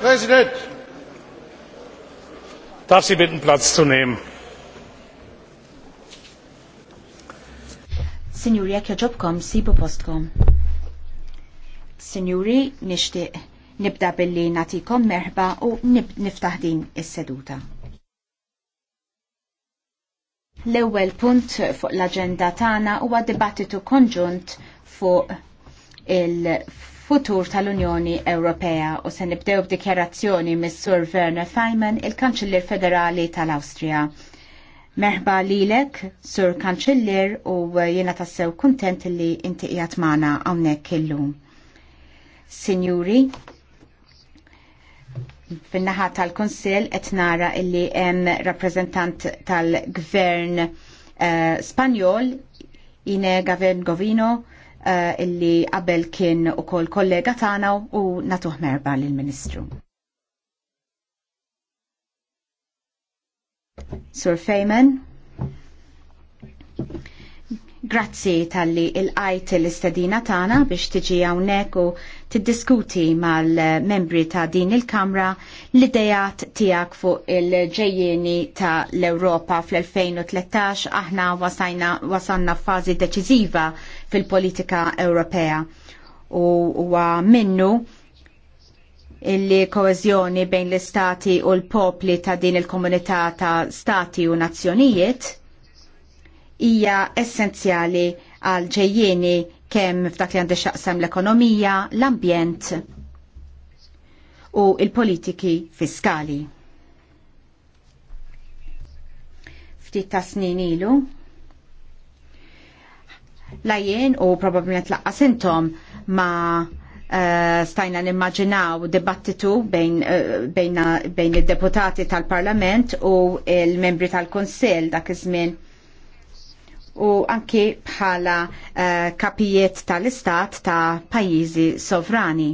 President! Darf Sie bitten, Platz zu nehmen? Signori, jekk joġobkom, sibu postkom. Signori, nishtiq nibda billi natikom merħba u niftaħ din is-seduta. L-ewwel punt fuq l-aġenda tagħna huwa dibattitu konġunt fuq il futur tal-Unjoni Ewropea u se nibdew b'dikjarazzjoni mis-Sur Werner Feynman, il-Kanċiller Federali tal-Awstrija. Merħba lilek, Sur Kanċiller, u jiena tassew kuntent li inti qiegħed magħna hawnhekk illum. Sinjuri, fin-naħa tal kunsill qed nara illi hemm rappreżentant tal-Gvern uh, Spanjol Ine Gavin Govino Eh, illi qabel kien ukoll kollega tagħna u natuh merba lill-Ministru. Sur Fejmen. Grazzi tal-li il-għajt l-istadina tana biex tiġi għawnek u tiddiskuti mal-membri ta' din il-Kamra l-idejat tijak fuq il-ġejjeni ta' l-Europa fl-2013 aħna wasanna fazi deċiziva fil-politika Ewropea u huwa minnu illi koezjoni bejn l-istati u l-popli ta' din il-komunità ta' stati u nazzjonijiet hija essenzjali għal ġejjieni kemm f'dak li għandi xaqsam l-ekonomija, l-ambjent u il-politiki fiskali. Ftit ta' snin ilu, lajjen u probabilment laqqas intom ma' Uh, stajna nimmaġinaw dibattitu bejn, uh, bejna, bejn id-deputati tal-Parlament u il-membri tal-Konsil dak iż-żmien u anki bħala eh, kapijiet tal-istat ta' pajjiżi sovrani.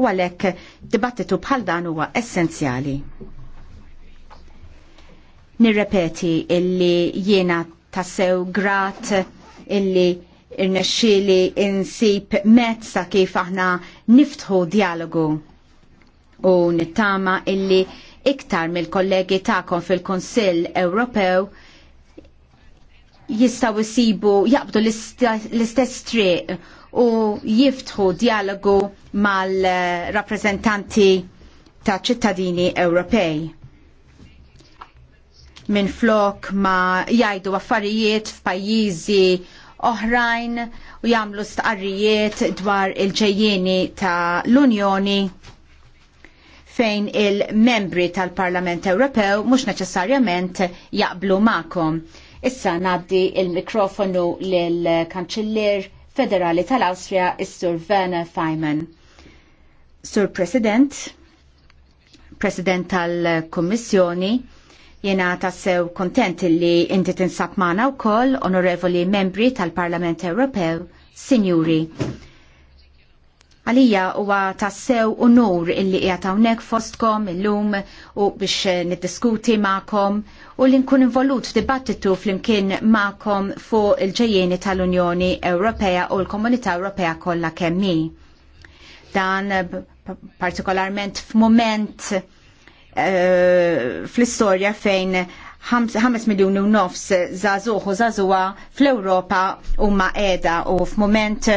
U għalhekk dibattitu bħal dan huwa essenzjali. Nirrepeti illi jiena tassew grat illi irnexxili insib mezz kif aħna niftħu dialogu u nittama illi iktar mill-kollegi tagħkom fil-Kunsill Ewropew jistaw jisibu jaqbdu l-istess triq u jiftħu dialogu mal-rappresentanti ta' ċittadini Ewropej. Minn flok ma jajdu affarijiet f'pajjiżi oħrajn u jagħmlu stqarrijiet dwar il ġejjeni ta' l-Unjoni fejn il-membri tal-Parlament Ewropew mhux neċessarjament jaqblu magħkom. Issa naddi il-mikrofonu lill-Kanċiller Federali tal austria Sir sur Werner Feynman. Sur President, President tal-Kommissjoni, Jena tassew kontent li inti tinsab maħna u koll onorevoli membri tal-Parlament Ewropew, Signuri. Għalija huwa tassew unur illi qiegħed hawnhekk fostkom illum u biex niddiskuti magħkom u li nkun involut f'dibattitu flimkien magħkom fuq il-ġejjeni tal-Unjoni Ewropea u l-Komunità Ewropea kollha kemm hi. Dan partikolarment f'mument eh, fl-istorja fejn 5 miljoni u nofs zazuħu zazuwa fl-Europa huma qiegħda u f'mument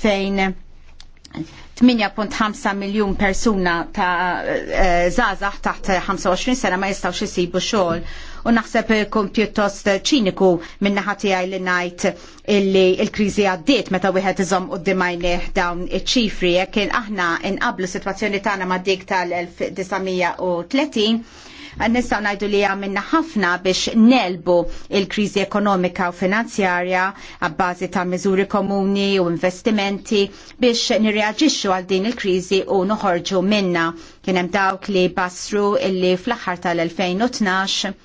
fejn 8.5 miljun persuna ta' eh, zazax taħt 25 sena ma jistaw isibu xogħol. U naħseb kun pjuttost ċiniku minn naħa tiegħi li ngħid illi l-kriżi għaddiet meta wieħed iżomm quddiem dimajni dawn iċ-ċifri jekk aħna inqablu sitwazzjoni tagħna ma' dik tal-1930 Nistgħu ngħidu li għamilna ħafna biex nelbu il-kriżi ekonomika u finanzjarja għabbażi ta' miżuri komuni u investimenti biex nirreaġixxu għal din il-kriżi u noħorġu minna. Kien hemm dawk li basru illi fl-aħħar tal-2012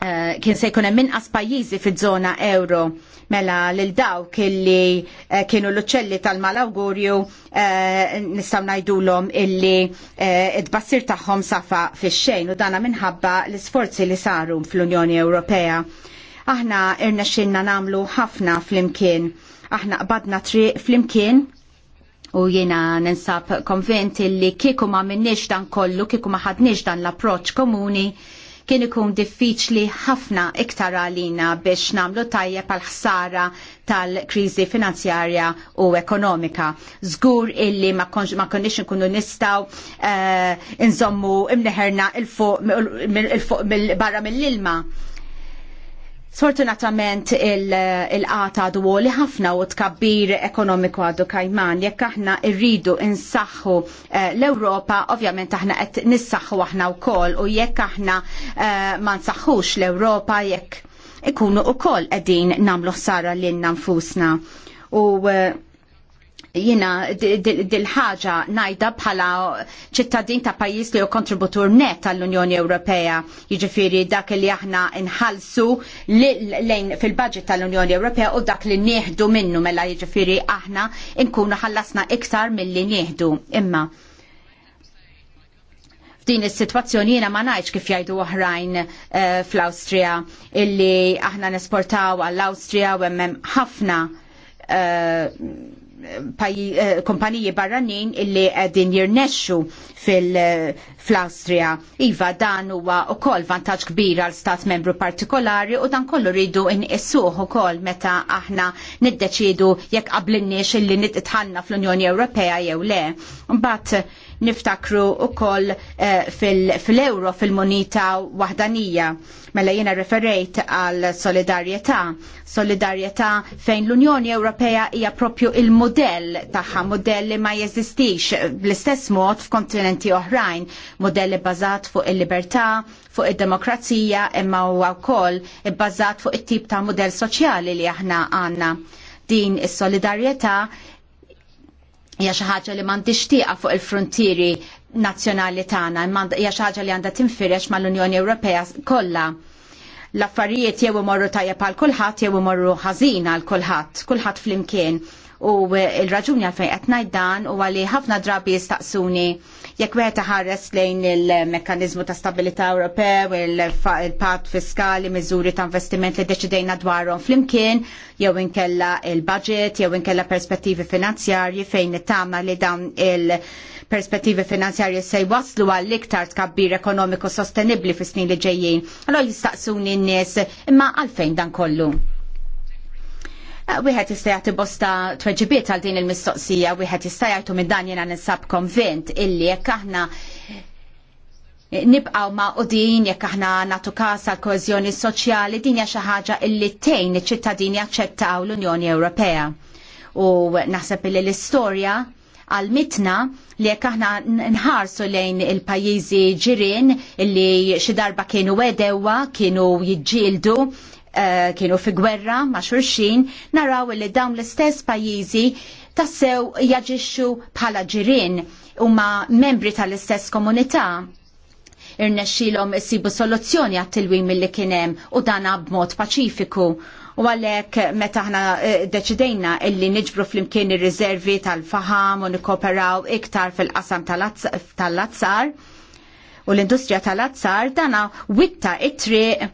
Eh, kien se jkun hemm inqas pajjiżi fiż-żona euro mela lil dawk illi eh, kienu l-uċċelli tal-malawgurju uh, eh, nistgħu ngħidulhom illi id-bassir tagħhom safa fix-xejn u dana minħabba l-isforzi li saru fl-Unjoni Ewropea. Aħna irnexxinna nagħmlu ħafna flimkien. Aħna qbadna triq flimkien u jiena ninsab konvent illi kieku ma minnix dan kollu, kieku ma ħadniex dan l approċċ komuni, kien ikun diffiċli ħafna iktar għalina biex namlu tajja pal ħsara tal-krizi finanzjarja u ekonomika. Zgur illi ma konniex nkunu nistaw eh, nżommu imneħerna il-fuq barra mill-ilma. Sfortunatament il-qata il għadu li ħafna u tkabbir ekonomiku għadu kajman, jekk aħna irridu insaxħu eh, l-Europa, ovvjament aħna qed nissaxħu aħna wkoll u jekk aħna eh, ma nsaħħux l-Europa jekk ikunu wkoll qegħdin nagħmlu ħsara lil nfusna. U eh, jina dil-ħaġa najda bħala ċittadin ta' pajis li u kontributur net għall-Unjoni Ewropea. Jiġifieri dak li aħna nħallsu lejn fil-budget tal-Unjoni Ewropea u dak li nieħdu minnu mela jiġifieri aħna nkunu ħallasna iktar milli nieħdu. Imma f'din is-sitwazzjoni jiena ma ngħidx kif jgħidu oħrajn uh, fl-Awstrija illi aħna nesportaw għall-Awstrija u hemm ħafna uh, Eh, kumpaniji barranin illi qegħdin jirnexxu fil-Awstrija. Eh, iva dan huwa wkoll vantaġġ kbir għal stat membru partikolari u dan kollu rridu nqissuh ukoll meta aħna niddeċidu jekk qablinniex illi nitqitħallna fl-Unjoni Ewropea jew le. Mbagħad niftakru ukoll eh, fil fil-monita waħdanija. Mela jiena referejt għal solidarjetà. Solidarjetà fejn l-Unjoni Ewropea hija propju il-modell tagħha, modell li ma jeżistix bl-istess mod f'kontinenti oħrajn, modell bbażat fuq il-libertà, fuq id-demokrazija imma huwa wkoll bbażat fuq it-tip ta' modell soċjali li aħna għandna. Din is-solidarjetà hija xi ħaġa li m'għandix tieqa fuq il-frontieri nazzjonali tagħna, hija xi ħaġa li għandha tinfirex mal-Unjoni Ewropea kollha. L-affarijiet jew imorru tajjeb għal kulħadd jew imorru ħażin għal kulħadd, kulħadd flimkien. U eh, il-raġuni għalfejn qed ngħid dan u għalli ħafna drabi jistaqsuni jekk wieħed ħares lejn il-mekkaniżmu ta' stabilità Ewropew, il pat fiskali, miżuri ta' investiment li deċidejna dwarhom flimkien, jew inkella il-budget, jew inkella perspettivi finanzjarji fejn nittama li dawn il- perspettivi finanzjarji se jwaslu għall iktar tkabbir ekonomiku sostenibli fis snin li ġejjin. Allora jistaqsuni n-nies imma għalfejn dan kollu. Ah, wieħed jista' jagħti bosta tweġibiet għal din il-mistoqsija, wieħed jista' jgħidu minn dan jiena nisab konvint illi jekk aħna nibqaw ma' udin jekk aħna natu kas għal koeżjoni soċjali din hija xi ħaġa illi tejn iċ-ċittadini jaċċettaw l-Unjoni Ewropea. U naħseb illi l-istorja għal mitna li jekk aħna nħarsu lejn il-pajjiżi ġirien illi xi darba kienu wedewa, kienu jiġġieldu Eh, kienu fi gwerra ma' xurxin, naraw li dawn l-istess pajjiżi tassew jaġixxu bħala ġirien huma membri tal-istess komunità irnexxilhom isibu soluzzjoni għat-tilwim milli kien hemm u dana b'mod paċifiku. U għalhekk meta aħna eh, deċidejna illi niġbru flimkien ir-riservi tal-faham u nikkoperaw iktar fil-qasam tal-azzar u l-industrija tal-azzar dana witta it-triq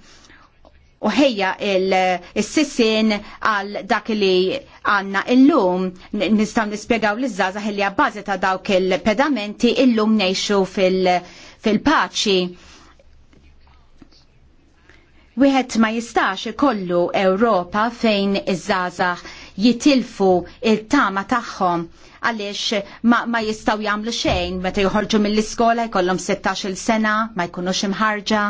u ħejja il-sissin għal dak li għanna illum nistaw nispiegaw l zaza ħilli għabbażi ta' dawk il-pedamenti illum neħxu fil-paċi. Wieħed ma jistax ikollu Ewropa fejn iż żgħażagħ jitilfu il-tama tagħhom għaliex ma, ma jistaw jagħmlu xejn meta joħorġu mill-iskola jkollhom 16-il sena ma jkunux imħarġa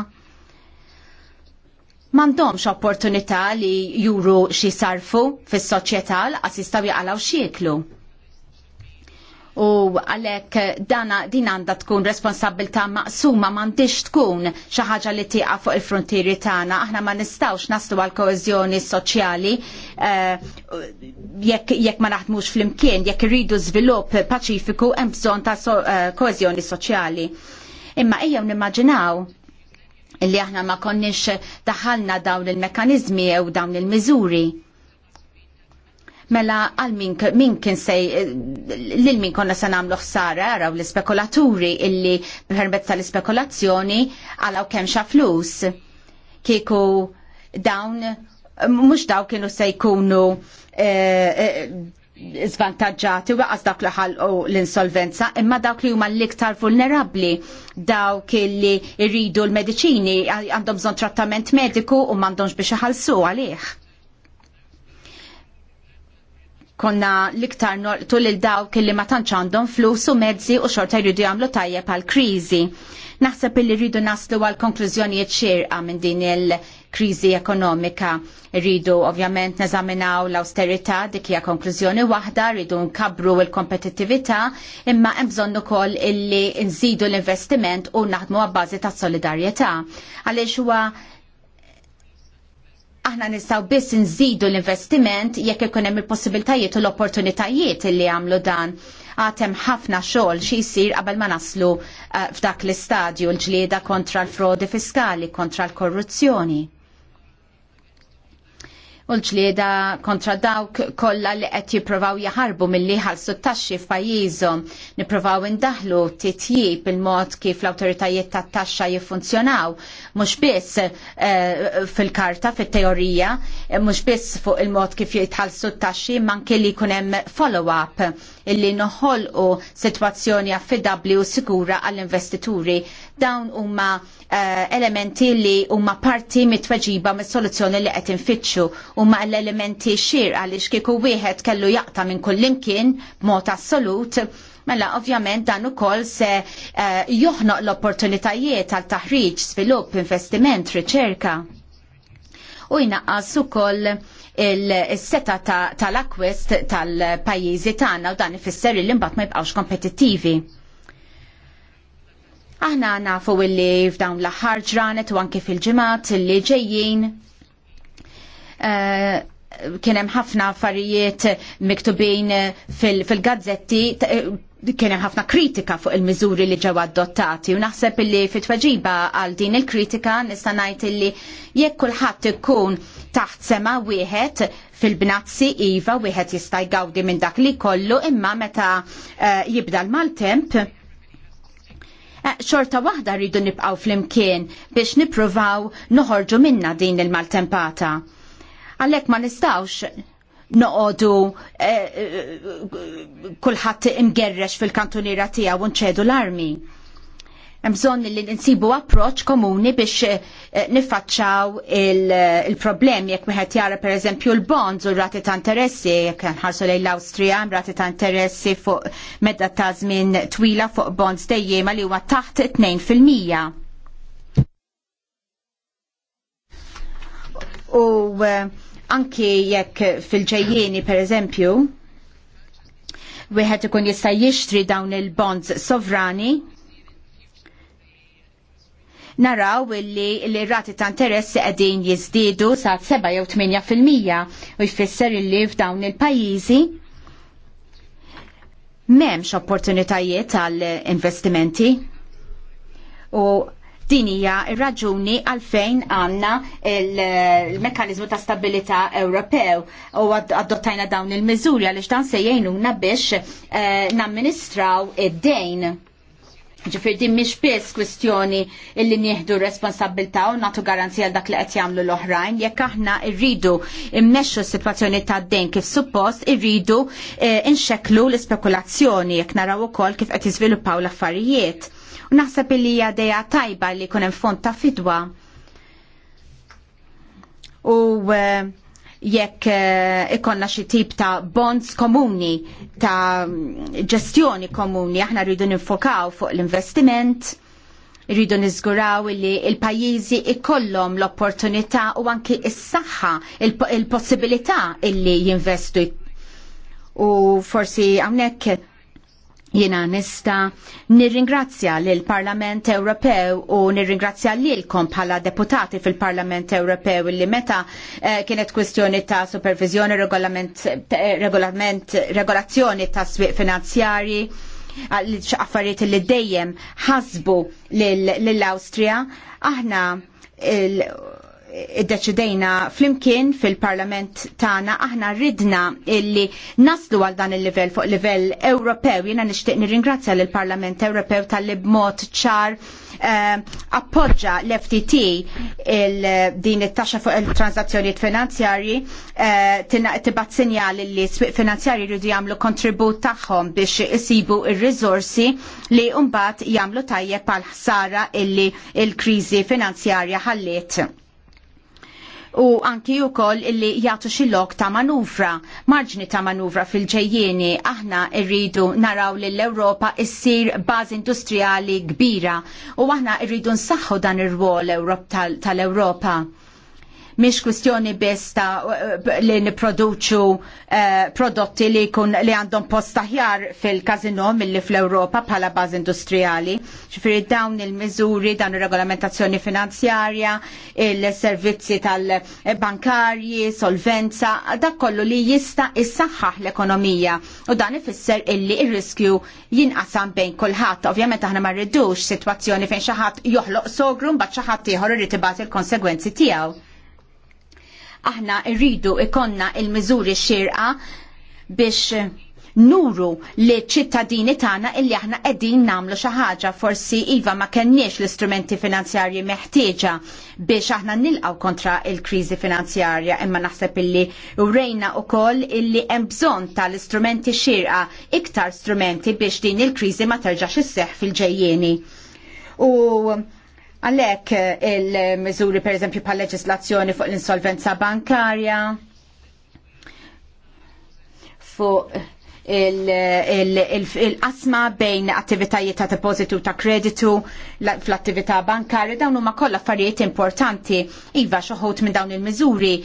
mandomx opportunità li juru xi sarfu fis soċjetà għas jistgħu jaqalaw xieklu. U għalek dana din għanda tkun responsabilta maqsuma m'għandix tkun xaħġa li tiqa fuq il-frontieri tagħna, aħna ma nistawx naslu għal koeżjoni soċjali eh, jekk ma naħdmux fl-imkien, jekk irridu żvilupp paċifiku hemm bżonn ta' eh, koeżjoni soċjali. Imma ejjew nimmaġinaw illi aħna ma konniex daħalna dawn il-mekanizmi u dawn il-miżuri. Mela għal min, kien sej, lil min konna se nagħmlu ħsara raw l-ispekulaturi illi permezz tal-ispekulazzjoni għalaw kemm xa flus. Kieku dawn mhux daw kienu se jkunu eh, eh, zvantagġati waqas dak li ħalqu l-insolvenza imma dawk li huma l-iktar vulnerabbli dawk li rridu l-mediċini għandhom bżonn trattament mediku u m'għandhomx biex iħallsu għalih. Konna l-iktar norqtu lil dawk li ma tantx għandhom flus u mezzi u xorta jridu jagħmlu tajjeb għal kriżi. Naħseb li rridu naslu għal konklużjonijiet xierqa minn din il- kriżi ekonomika. Rridu ovvjament neżaminaw l-austerità dik hija konklużjoni waħda, rridu nkabru l-kompetittività, imma hemm bżonn ukoll illi nżidu l-investiment u naħdmu għabbażi ta' solidarjetà. Għaliex huwa aħna nistaw biss nżidu l-investiment jekk ikun hemm il-possibiltajiet u l-opportunitajiet li għamlu dan għatem ħafna xogħol xi jsir qabel ma naslu uh, f'dak l-istadju l-ġlieda kontra l-frodi fiskali, kontra l-korruzzjoni u li ġlieda kontra dawk kollha li qed jippruvaw jaħarbu milli ħalsu t-taxxi f'pajjiżhom, nippruvaw indaħlu titjib il-mod kif l-awtoritajiet tat-taxxa jiffunzjonaw, mhux biss eh, fil-karta, fit-teorija, eh, mhux biss fuq il-mod kif jitħallsu t-taxxi, manki li jkun hemm follow-up illi noħolqu sitwazzjoni affidabbli u sigura għall-investituri. Dawn huma uh, elementi li huma parti mitweġiba mis-soluzzjoni li qed infittxu huma l-elementi xir għaliex kieku wieħed kellu jaqta minn kullimkien b'mod assolut Mela, ovvjament dan ukoll se uh, joħnoq l-opportunitajiet għal taħriġ, svilupp, investiment, riċerka. U jnaqqas ukoll il-seta tal-akwist tal-pajizi tagħna u dan ifisser li mbagħad ma jibqgħux kompetittivi. Aħna nafu illi f'dawn l-aħħar ġranet u anke fil-ġimgħat li ġejjin eh, kien hemm ħafna affarijiet miktubin fil-gazzetti fil eh, kien hemm ħafna kritika fuq il-miżuri li ġew adottati u naħseb illi fit-tweġiba għal din il-kritika nista' ngħid illi jekk kulħadd ikun taħt sema wieħed fil-bnazzi iva wieħed jista' jgawdi minn dak li kollu imma meta uh, jibda l-maltemp eh, xorta waħda rridu nibqgħu flimkien biex nippruvaw noħorġu minna din il-maltempata. Għalhekk ma nistgħux noqodu eh, eh, kulħadd imgerrex fil-kantuniera tiegħu u nċedu l-armi. Hemm bżonn li insibu approċċ komuni biex eh, niffaċċaw il-problemi jekk wieħed jara pereżempju l-bonds u rati ta' interessi jekk nħarsu lejn l-Awstrija hemm rati ta' interessi fuq medda ta' żmien twila fuq bonds dejjema li huwa taħt 2%. U anki jekk fil-ġejjeni per eżempju, wieħed ikun jista' jixtri dawn il-bonds sovrani, naraw illi l-rati ta' interess qegħdin jiżdiedu sa' 7 jew 8 fil-mija u jfisser illi f'dawn il-pajjiżi m'hemmx opportunitajiet għall investimenti u Din hija r-raġuni għalfejn għandna il-mekkaniżmu ta' stabilità Ewropew u adottajna dawn il-miżuri għaliex dan se jgħinuna biex eh, namministraw id-dejn ġifir din miex biss kwestjoni illi nieħdu responsabilta u natu garanzija dak li qed jagħmlu l-oħrajn, jekk aħna rridu immexxu s-sitwazzjoni tad-dejn kif suppost, irridu eh, inxeklu l-ispekulazzjoni jekk naraw ukoll kif qed jiżviluppaw l-affarijiet naħseb li hija dejja tajba li jkun hemm fond ta' fidwa. U eh, jekk eh, ikonna xi tip ta' bonds komuni, ta' ġestjoni komuni, aħna rridu ninfokaw fuq l-investiment, rridu niżguraw li il-pajjiżi ikollhom l-opportunità u anki s-saħħa, il-possibilità illi jinvestu. U forsi hawnhekk Jiena nista nirringrazzja lill parlament Ewropew u nirringrazzja lilkom bħala deputati fil-Parlament Ewropew li meta eh, kienet kwestjoni ta' supervizjoni, regolament, eh, regolament, regolazzjoni ta' swieq finanzjari affarijiet li dejjem ħasbu lill-Awstrija, aħna il iddeċidejna flimkien fil-parlament tagħna aħna ridna illi naslu għal dan il-livell fuq livell Ewropew. Jiena nixtieq nirringrazzja lill parlament Ewropew tal-li b'mod ċar eh, appoġġa l-FTT din it-taxxa fuq il-transazzjonijiet finanzjarji eh, tibat sinjali li s-swiq finanzjarji jridu jagħmlu kontribut tagħhom biex isibu il-rizorsi li mbagħad jagħmlu tajjeb pal ħsara illi l-kriżi finanzjarja ħalliet u anki wkoll illi jagħtu xi lok ta' manuvra, marġni ta' manuvra fil ġejjeni aħna rridu naraw li l-Ewropa issir bażi industrijali kbira u aħna rridu nsaħħu dan ir-rwol tal-Ewropa. tal europa tal ewropa mhix kwistjoni biss ta' li nipproduċu eh, prodotti li jkun li għandhom post aħjar fil-kazino milli fl-Ewropa bħala bażi industrijali. Ġifieri dawn il-miżuri, dawn ir-regolamentazzjoni finanzjarja, il-servizzi tal-bankarji, solvenza, dak kollu li jista' issaħħaħ l-ekonomija u dan ifisser illi r riskju jinqasam bejn kulħadd. Ovvjament aħna ma rridux sitwazzjoni fejn xi ħadd joħloq sogru mbagħad xi ħadd ieħor irid tibgħat il-konsegwenzi tiegħu. Aħna rridu ikonna il-miżuri xirqa biex nuru li ċittadini tagħna illi aħna qegħdin nagħmlu xi ħaġa forsi iva ma kenniex l-istrumenti finanzjarji meħtieġa biex aħna nilqaw kontra il-kriżi finanzjarja imma naħseb illi urejna wkoll illi hemm bżonn tal-istrumenti xirqa iktar strumenti biex din il-kriżi ma terġax isseħħ fil-ġejjieni. U Għalek eh, il-mizuri per eżempju pa' leġislazzjoni fuq l-insolvenza bankarja, fuq il-qasma bejn attivitajiet ta' depositu ta' kreditu fl-attività bankarja dawn huma kollha affarijiet importanti iva xoħut minn dawn il-miżuri eh,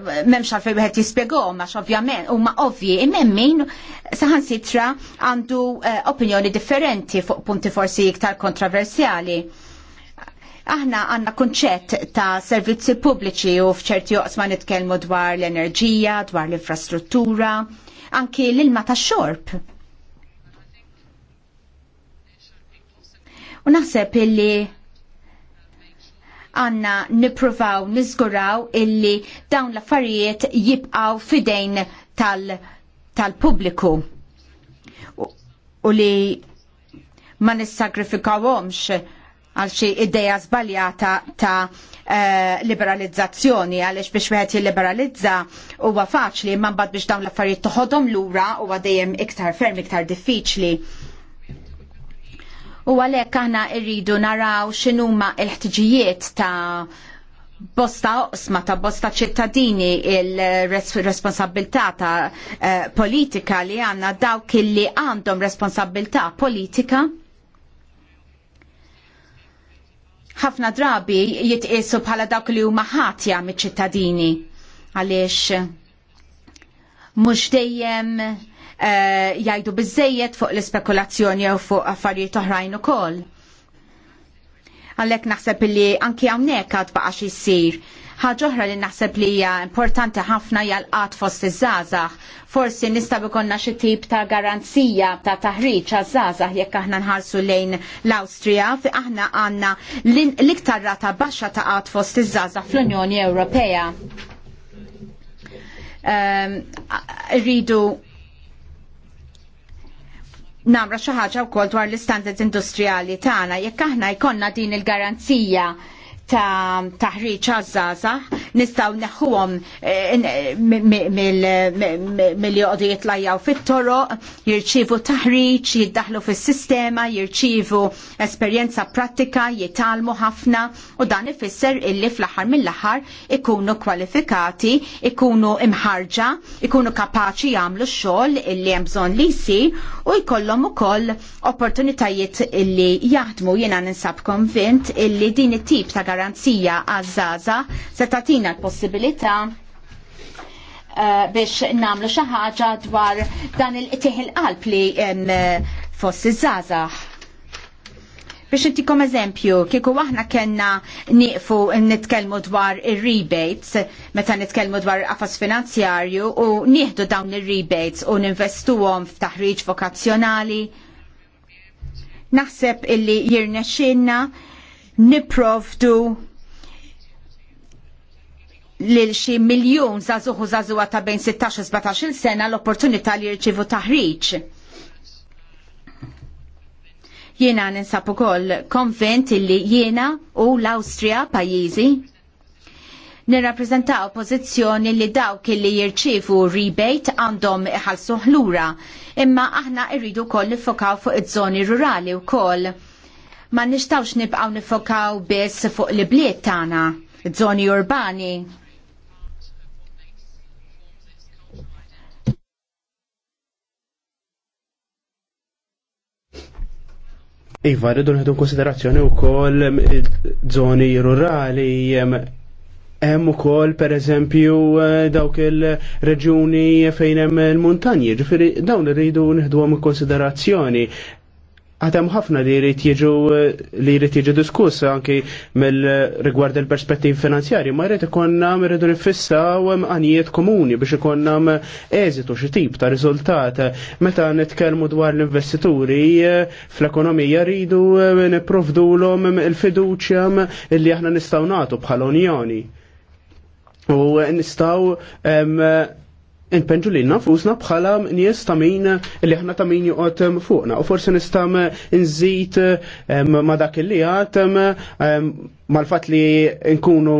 m'hemmx għalfejn wieħed jispjegahom għax ovvjament huma ovvji imem min saħansitra għandu eh, opinjoni differenti fuq punti forsi iktar kontroversjali Aħna għanna kunċett ta' servizzi pubbliċi u fċerti joqsma nitkellmu dwar l-enerġija, dwar l-infrastruttura, anki l-ilma ta' xorb. U naħseb illi għanna nipruvaw, nizguraw illi dawn l-affarijiet jibqaw fidejn tal-pubbliku tal u, u li ma nissagrifikawhomx għal xi ideja żbaljata ta' eh, liberalizzazzjoni għaliex biex wieħed jilliberalizza huwa faċli imma mbagħad biex dawn l-affarijiet toħodhom lura huwa dejjem iktar ferm iktar diffiċli. U għalhekk aħna rridu naraw x'inhuma l-ħtiġijiet ta' bosta osma ta' bosta ċittadini il-responsabilità ta' eh, politika li għanna dawk li għandhom responsabilità politika ħafna drabi jitqisu bħala dawk li huma ħatja miċ-ċittadini għaliex mhux dejjem uh, jgħidu biżejjed fuq l-ispekulazzjoni jew fuq affarijiet oħrajn ukoll. Għalhekk naħseb li anki hawnhekk għad baqa' xi jsir Ħaġa oħra li naħseb li hija importanti ħafna hija l-qatt fost iż-żgħażagħ. Forsi nista' ikollna xi tip ta' garanzija ta' taħriġ għaż-żgħażagħ jekk aħna nħarsu lejn l-Awstrija fi aħna għandna l-iktar rata baxxa ta' qatt fost iż-żgħażagħ fl-Unjoni Ewropea. Ehm, rridu namra xi ħaġa wkoll dwar l-istandards industrijali tagħna jekk aħna jkollna din il-garanzija ta' taħriġ għazzaza nistaw neħuħom eh, eh, mill joqdu jitlajjaw fit-toro, jirċivu taħriġ, jiddaħlu fis-sistema, jirċivu esperjenza pratika, jitalmu ħafna u dan ifisser illi fl-aħħar mill-aħħar ikunu kwalifikati, ikunu imħarġa, ikunu kapaċi jagħmlu x-xogħol illi hemm bżonn li si u jkollhom ukoll opportunitajiet illi jaħdmu jiena ninsab konvint illi din it-tip ta' garanzija għazzaza se tatina l-possibilità eh, biex namlu xaħġa dwar dan il-qtih il-qalb li fost iż-żazax. Biex kom eżempju, kieku aħna kena niqfu nitkelmu dwar il-rebates, meta nitkelmu dwar qafas finanzjarju u nieħdu dawn il-rebates u ninvestuhom f'taħriġ vokazzjonali. Naħseb illi jirnexxinna niprovdu lil xi miljun zazuħu zazuwa ta' bejn 16-17 sena l-opportunità li jirċivu taħriġ. Jiena ninsab ukoll konvent illi jiena u l-Awstrija pajjiżi nirrappreżentaw pożizzjoni li dawk li jirċievu rebate għandhom iħallsu ħlura, imma aħna rridu wkoll nifokaw fuq iż-żoni rurali wkoll ma nistawx nibqaw nifokaw biss fuq li bliet tagħna, żoni urbani. Iva, rridu nħedu konsiderazzjoni u koll zoni rurali, hemm ukoll pereżempju dawk il-reġuni fejn hemm il-muntanji, ġifieri dawn irridu nieħduhom konsiderazzjoni għatem ħafna li jrid jiġu li jrid jiġu diskuss anki mill-rigward il-perspettiv finanzjarji, ma jrid ikonna rridu nifissaw għanijiet komuni biex ikonna eżitu xi tip ta' riżultat. Meta nitkellmu dwar l-investituri fl-ekonomija rridu nipprovdulhom il-fiduċja li aħna nistgħu nagħtu bħala unjoni. U nistgħu Inpenġu li nafusna bħala nies ta' min li ħna ta' min juqot fuqna. U forse nistam nżid ma dak li għatem mal-fat li nkunu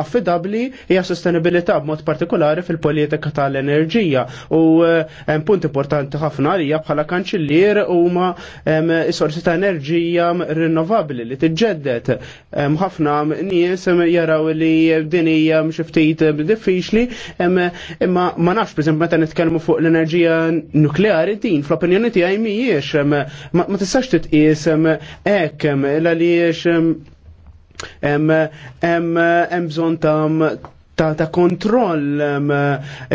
affidabli hija sostenibilità b'mod partikolari fil-politika tal-enerġija u eh, punt importanti ħafna li bħala kanċillier huma sorsi ta' enerġija rinnovabbli li tiġġedded. Ħafna nies jaraw li din hija xi ftit diffiċli imma ma nafx preżempju meta nitkellmu fuq l-enerġija nukleari din fl-opinjoni tiegħi mhijiex ma tistax titqies hekk għaliex Hemm bżonn ta' ta', ta kontroll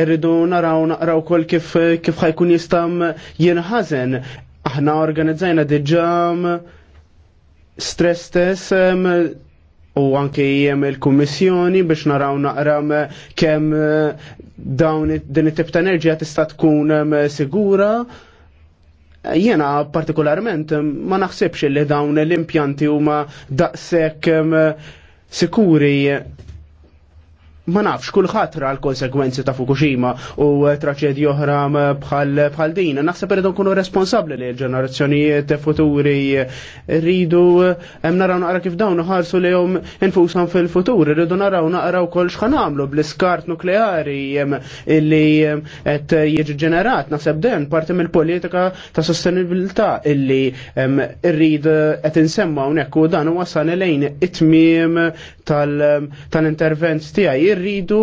irridu naraw naqraw kol kif kif ħajkun jistam jinħazen. Aħna organizzajna diġà stress test u anke jem il-kummissjoni biex naraw naqram kemm dawn din it-tip ta' enerġija tista' tkun sigura Jiena partikolarment ma naħsibx li dawn l-impjanti huma daqshekk sikuri ma nafx kulħadd ra l-konsekwenzi ta' Fukushima u eh, traċedji oħra bħal bħal din. Naħseb irid nkunu responsabbli li l-ġenerazzjonijiet futuri eh, rridu hemm eh, naraw naqra kif dawn ħarsu lihom infushom fil-futur, rridu naraw naqra wkoll x'ħan nagħmlu bl-iskart nukleari illi qed jiġi ġenerat naħseb den parti mill-politika ta' sostenibilità illi rrid qed insemma hawnhekk u dan wasal lejn it-tmiem tal-intervent tiegħi. Irridu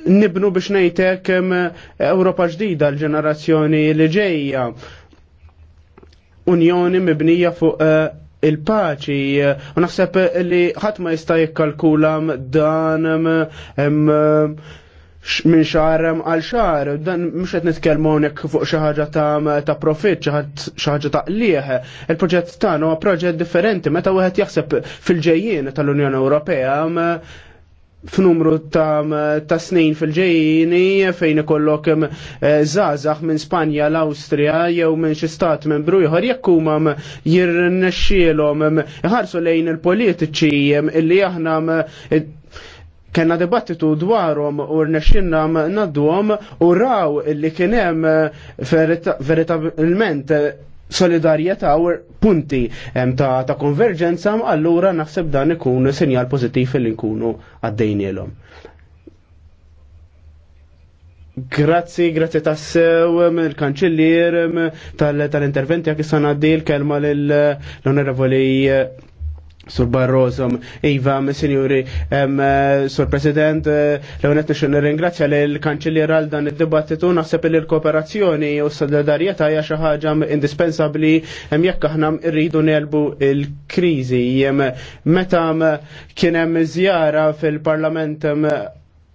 nibnu biex ngħidlek Europa ġdida l-ġenerazzjoni li ġejja. Unjoni mibnija fuq eh, il-paċi. U naħseb li ħadd ma jista' jikkalkulam dan minn xahar għal xahar, dan mux għet nitkelmu unik fuq xaħġa ta', ta profit, xaħġa ta' liħ. Il-proġett ta' no, proġett differenti, meta wieħed jaħseb fil-ġejjien tal-Unjoni Ewropea, f'numru ta', ta snin fil-ġejjini fejn ikollok zazax eh, minn Spanja l austria jew minn xi stat membru ieħor jekk huma jirnexxielhom iħarsu lejn il-politiċi illi aħna kena dibattitu dwarom u rnexxinna naddwom u raw li kienem eh, veritabilment eh, solidarieta u punti ta', ta konverġenza allura naħseb dan ikun sinjal pozittiv li nkunu għaddejnielhom. Grazzi, grazzi tassew, il-kanċillier, tal-interventi għak jissan għaddi l-kelma eh, l-onorevoli Sur Barrosom, Iva, Signori, eh, Sur President, eh, l-għonet nixin ringrazja li l-kanċillir għal dan id-dibattitu naħseb li l-kooperazzjoni u s-solidarieta hija xi ħaġa indispensabbli hemm jekk aħna rridu nelbu l-kriżi. Meta kien hemm żjara fil-Parlament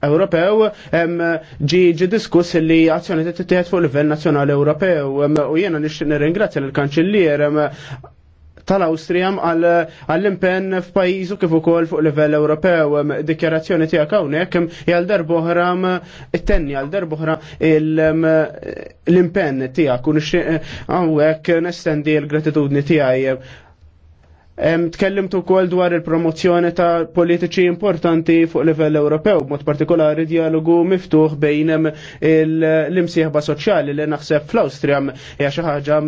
Ewropew ġi ġi diskuss li azzjoni tittieħed fuq livell nazzjonali Ewropew u jiena nixtieq nirringrazzja lill-Kanċillier tal austria għall-impenn f'pajjiżu kif ukoll fuq livell Ewropew. Dikjarazzjoni tiegħek hawnhekk għal darbohra it-tenni għal darbohra l-impenn tiegħek u nixtieq hawnhekk nestendi l-gratitudni tiegħi Tkellimt ukoll dwar il-promozzjoni ta' politiċi importanti fuq livell Ewropew, mod partikolari dialogu miftuħ bejn l-imsieħba soċjali li naħseb fl-Awstrija hija xi ħaġa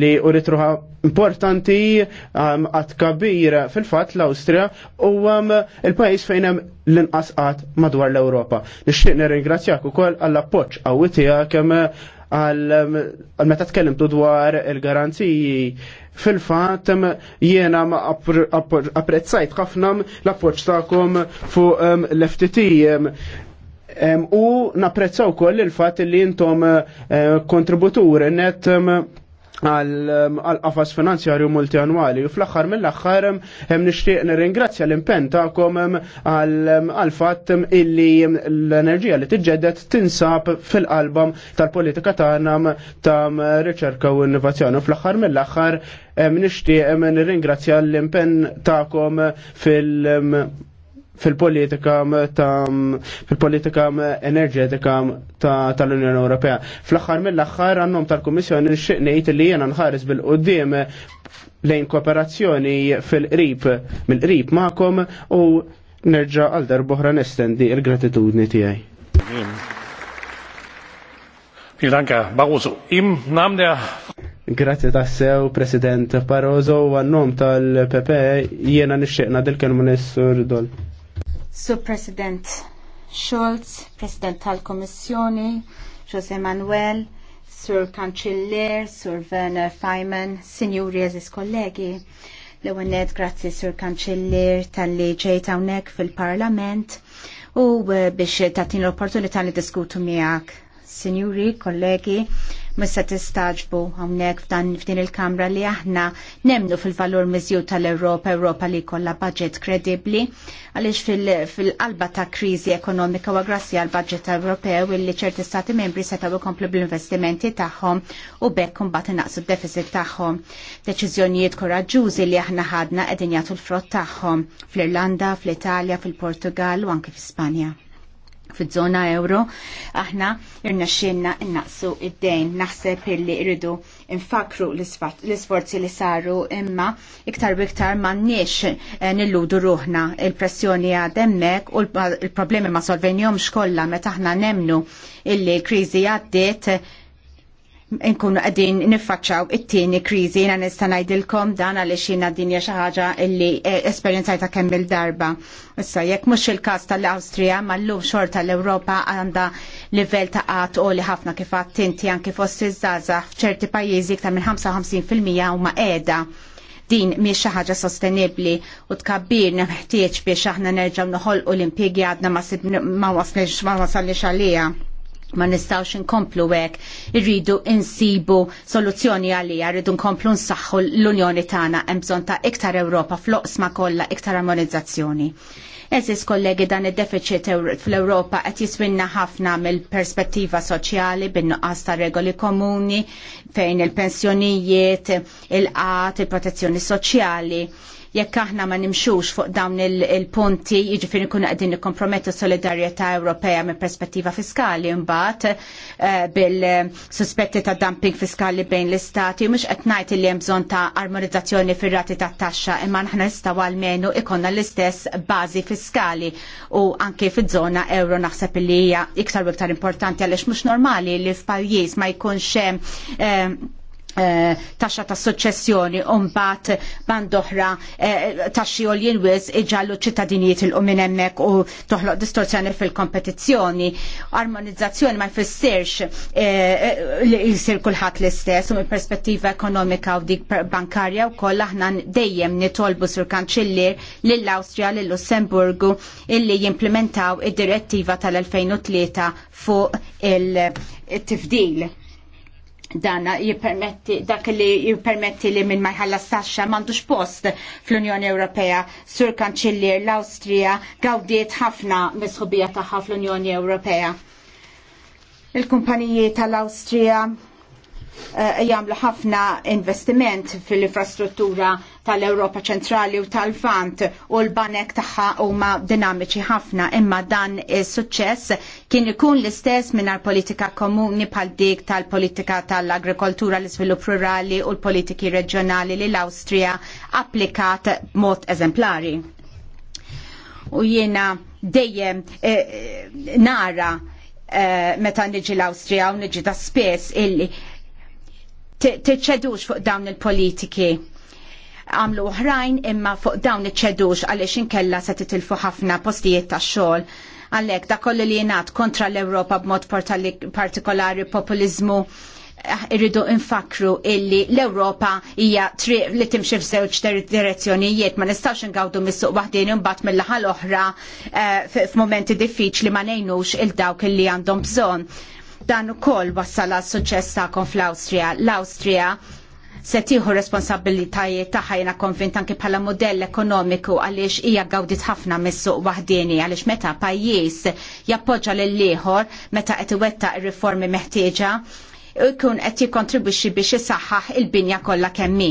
li uritruha importanti għad kabir fil-fatt l austria u il-pajjiż fejn hemm l-inqas madwar l-Ewropa. Nixtieq nirringrazzjak ukoll għall-appoġġ qawwi tiegħek għal meta tkellimtu dwar il-garanziji fil-fat jiena apprezzajt ħafna l-appoċ ta'kom fuq l-FTT u napprezzaw koll il-fat li jintom eh, kontributur net għal-qafas um, finanzjarju multianwali. U fl axar mill axar um, hemm nixtieq nirringrazzja l-impenn tagħkom um, għal-fatt illi l-enerġija li tiġġedet tinsab fil-qalbam tal-politika tagħna ta' riċerka u innovazzjoni. U fl axar mill hemm nixtieq nirringrazzja l-impenn tagħkom fil- fil-politika fil-politika enerġetika tal-Unjoni Ewropea. Fl-aħħar mill-aħħar għannom tal-Kummissjoni nixtieq ngħid li jiena nħares bil-qudiem lejn kooperazzjoni fil-qrib mill-qrib magħkom u nerġa' għal darbohra nestendi il-gratitudni tiegħi. Danka, Barroso. Im nam der Grazie tassew, President Barroso, għannom tal-PP, e, jena nixxieqna dil-kelmu nessur dol. Sur President Scholz, President tal-Komissjoni, Jose Manuel, Sur Kanċiller, Sur Werner Feynman, Sinjuri Eżis kollegi. L-ewenet grazzi Sur Kanċiller tal-li ġejt hawnhekk fil-Parlament u eh, biex tatin l-opportunità li diskutu miegħek. Sinjuri, kollegi, mis tistaġbu hawnhekk f'dan f'din il-Kamra li aħna nemnu fil-valur miżju tal-Ewropa, Ewropa li jkollha budget kredibbli, għaliex fil-qalba ta' kriżi ekonomika u grazzi għal budget Ewropew illi ċerti stati membri setgħu jkomplu bl-investimenti tagħhom u bekk mbagħad inaqsu d-deficit tagħhom. Deċiżjonijiet koraġġużi li aħna ħadna qegħdin jagħtu l-frott tagħhom fl-Irlanda, fl-Italja, fil-Portugal u anke fl-Ispanja fil żona euro, aħna irnexxielna innaqsu id-dejn. Naħseb illi rridu infakru l-isforzi li saru imma iktar biktar m'għandniex eh, nilludu ruħna il-pressjoni għademmek hemmhekk u l-problemi ma solvenjom kollha meta aħna nemnu illi l-kriżi għaddiet nkunu għadin niffaċċaw it-tieni kriżi jiena nista' ngħidilkom dan għaliex jiena din hija xi ħaġa li eh, esperjenzajta kemm il-darba. Issa jekk mhux il-każ tal-Awstrija lum xorta l-Ewropa għandha livell ta' u li ħafna kif tinti għan anke fost iż-żgħażagħ f'ċerti pajjiżi iktar minn 55% huma qiegħda din mhix xi ħaġa sostenibbli u tkabbir neħtieġ biex aħna nerġgħu noħolqu l-impjegi għadna ma waslix ma wasalniex għaliha ma nistawx inkomplu hekk irridu insibu soluzzjoni għalija, rridu nkomplu nsaħħu l-Unjoni tagħna hemm bżonn ta' iktar Ewropa floqsma kollha iktar armonizzazzjoni. Eżis kollegi dan id-deficit fl-Ewropa qed jiswinna ħafna mill-perspettiva soċjali bin-nuqqas ta' regoli komuni fejn il-pensjonijiet, il-qat, il-protezzjoni soċjali jekk aħna ma nimxux fuq dawn il-punti, il jiġifieri nkunu qegħdin nikkompromettu solidarjetà Ewropea minn perspettiva fiskali mbagħad uh, bil-suspetti ta' dumping fiskali bejn l-istati u mhux qed ngħid li hemm bżonn ta' armonizzazzjoni fir-rati tat-taxxa imma aħna nistgħu għalmenu ikonna l-istess bażi fiskali u anke fiż-żona euro naħseb li hija iktar u iktar importanti għaliex mhux normali li f'pajjiż ma jkunx hemm uh, Eh, taxxa ta' suċċessjoni u mbagħad band oħra eh, taxxi għoljien wis iġallu ċittadinijiet il minn hemmhekk u toħloq distorsjoni fil-kompetizzjoni. Armonizzazzjoni ma jfissirx eh, li jsir kulħadd l-istess u mill-perspettiva ekonomika u dik bankarja wkoll aħna dejjem nitolbu sur kanċillier lill-Awstrija lill lussemburgu illi jimplementaw id-direttiva tal-2003 fuq il-tifdil dana jipermetti, dak li jipermetti li minn ma s taxxa m'għandux post fl-Unjoni Ewropea. Sur Kanċillier l-Awstrija gawdiet ħafna misħubija tagħha fl-Unjoni Ewropea. Il-kumpaniji tal-Awstrija Eh, Jamlu ħafna investiment fil-infrastruttura tal-Ewropa ċentrali u tal fant u l-banek tagħha huma dinamiċi ħafna imma dan is-suċċess kien ikun l-istess mingħajr politika komuni bħal dik tal-politika tal-agrikoltura l-iżvilupp rurali u l-politiki reġjonali li l austria applikat mod eżemplari. U jiena dejjem eh, nara eh, meta niġi l-Awstrija u niġi ta' spess illi tiċċedux fuq dawn il-politiki għamlu oħrajn imma fuq dawn iċċedux għaliex inkella se titilfu ħafna postijiet ta' xogħol. Għalhekk da kollu li jingħad kontra l-Ewropa b'mod partikolari populizmu eh, irridu infakru illi l-Ewropa hija triq li timxi f'żewġ direzzjonijiet ma nistax ingawdu missuq suq waħdin imbagħad mill-aħħar oħra eh, f'momenti diffiċli ma ngħinux il dawk illi għandhom bżonn Dan ukoll wassal għal suċċess tagħkom fl-Awstrija. L-Awstrija se tieħu responsabbilitajiet ta' ħajna konvint anki bħala modell ekonomiku għaliex hija gawdit ħafna mis-suq waħdieni għaliex meta pajjiż jappoġġa lil ieħor meta qed iwettaq ir-riformi meħtieġa ikun qed jikkontribwixxi biex isaħħaħ il-binja kollha kemm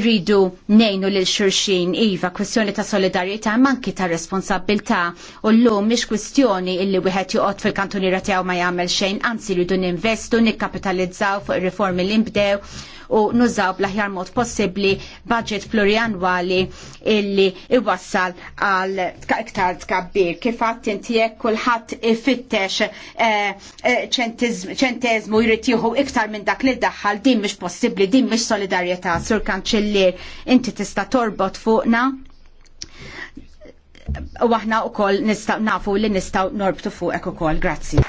rridu nejnu lil xurxin iva kwestjoni ta' solidarieta manki ta' responsabilta u l-lum mish kwestjoni illi wieħed joqgħod fil-kantuniera tiegħu ma jagħmel xejn anzi rridu ninvestu nikkapitalizzaw fuq ir-riformi li nbdew u nużaw bl-aħjar mod possibbli budget plurianwali illi iwassal għal iktar tkabbir. Kif għatt inti jekk kulħadd ifittex eh, eh, ċentezmu jrid jieħu iktar minn dak li daħħal din mhix possibbli, din mhix solidarjetà sur kanċellier inti tista' torbot fuqna u aħna u koll nistaw nafu li nistaw norbtu fuq u koll. Grazzi.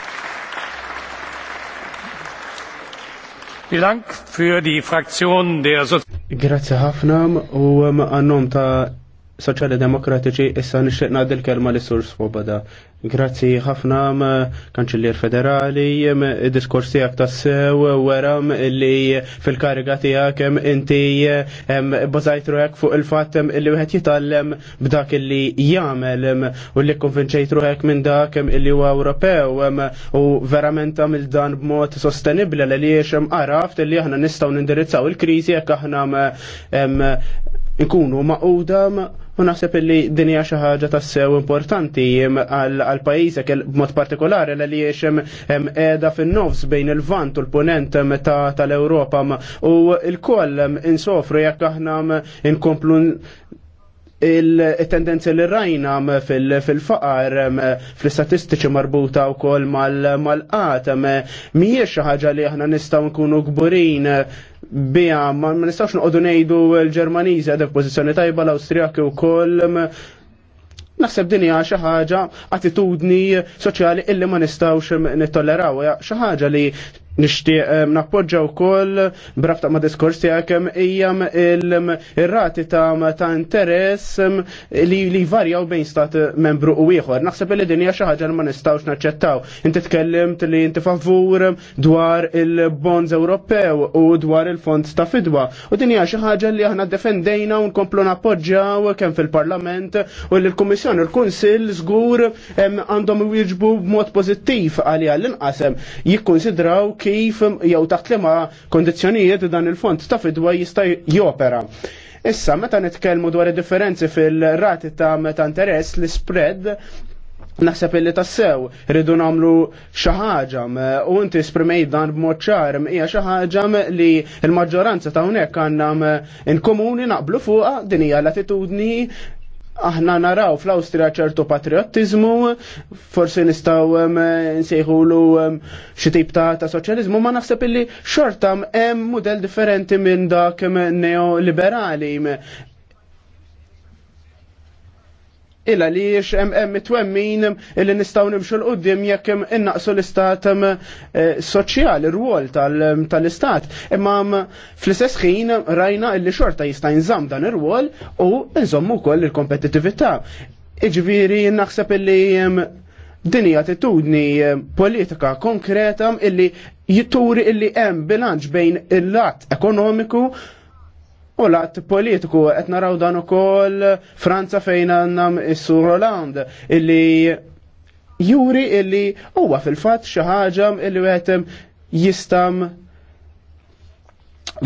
Grazie ħafna u um, għannom ta' Soċjali Demokratiċi issa nixtieq ngħaddi l-kelma li sur Swoboda. Grazzi ħafna Kanċillier federali, diskors tijak tassew, weram illi fil-kariga tijak inti bazajtru ruħek fuq il-fatem li għet jitallem b'dak illi jagħmel u li konvinċejt ruħek minn dak illi huwa Ewropew u verament il dan b'mod sostenibbli li jiexem għaraft illi aħna nistgħu nindirizzaw il-kriżi jekk aħna nkunu maquda U naħseb li din hija xi ħaġa tassew importanti għal jekk b'mod partikolari li hemm qiegħda fin-nofs bejn il-vant u l-punent tal-Ewropa u l-koll insofru jekk aħna nkomplu il-tendenzi li rajna fil-faqar fil-statistiċi marbuta u kol mal-qat miex ħaġa li aħna nistaw nkunu gburin bija ma nistawx nqodu nejdu l-Ġermaniżi għadek pozizjoni tajba l austriaki u kol Naħseb din hija xi ħaġa attitudni soċjali illi ma nistgħux nittolleraw xi ħaġa li Nishtiq nappoġġa wkoll brafta ma' diskors tiegħek hija il-rati ta' ta' interess li li varjaw bejn stat membru u ieħor. Naħseb li din hija xi ħaġa li ma nistgħux naċċettaw. Inti tkellimt li inti favur dwar il-bonds Ewropew u dwar il-fond ta' fidwa. U din hija xi ħaġa li aħna defendejna u nkomplu nappoġġaw kemm fil-Parlament u l-Kummissjoni l-Kunsill żgur għandhom jġbu b'mod pożittiv għalija l-inqasem jikkonsidraw kif jew taħt liema kondizjonijiet dan il-fond ta' fidwa jista' jopera. Issa, meta nitkellmu dwar differenzi fil-rati ta' meta interess li spread Naħseb illi tassew, rridu namlu xaħġam, u inti sprimej dan b'mod ċar, hija xaħġam li l-maġġoranza ta' hawnhekk għandna in komuni naqblu fuqha din hija l-attitudni aħna naraw fl-Awstrija ċertu patriottiżmu, forsi nistgħu nsejħulu xi tip ta', soċjalizmu, soċjaliżmu, ma naħseb illi xorta hemm mudell differenti minn dak neoliberali Illa li xem emmi twemmin illi nistaw nimxu l-qoddim jekk innaqsu l-istat eh, soċjali, r-wol tal-istat. Imma mm, fl-istess ħin rajna illi xorta jista' jinżamm dan ir-wol u nżommu wkoll il-kompetittività. Iġviri naħseb illi mm, dinja titudni mm, politika konkreta illi jitturi illi hemm bilanċ bejn il-lat ekonomiku U l-att politiku qed naraw dan ukoll Franza fejn għandna is-Sur Roland illi juri illi huwa fil-fatt xi ħaġa illi wieħed jistam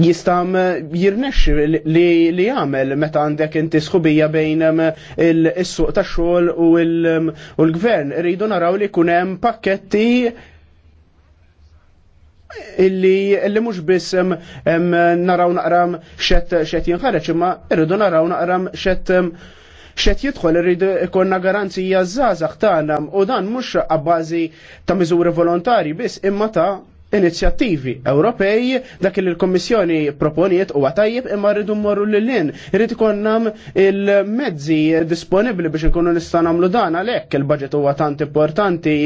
jistam jirnex li li jagħmel meta għandek inti sħubija bejn is-suq tax-xogħol u l-gvern. Rridu naraw li jkun hemm pakketti illi illi mhux biss naraw naqram xet xet jinħareġ imma irridu naraw naqram xet xet jidħol irridu ikonna garanzija żgħażagħ tagħna u dan mhux abbażi ta' miżuri volontari biss imma ta' inizjattivi Ewropej dak li l-Kommissjoni proponiet u għatajib imma rridu mmorru l-lin. Rrid ikonnam il-mezzi disponibli biex nkunu nista' nagħmlu dan għalhekk il-budget huwa tant importanti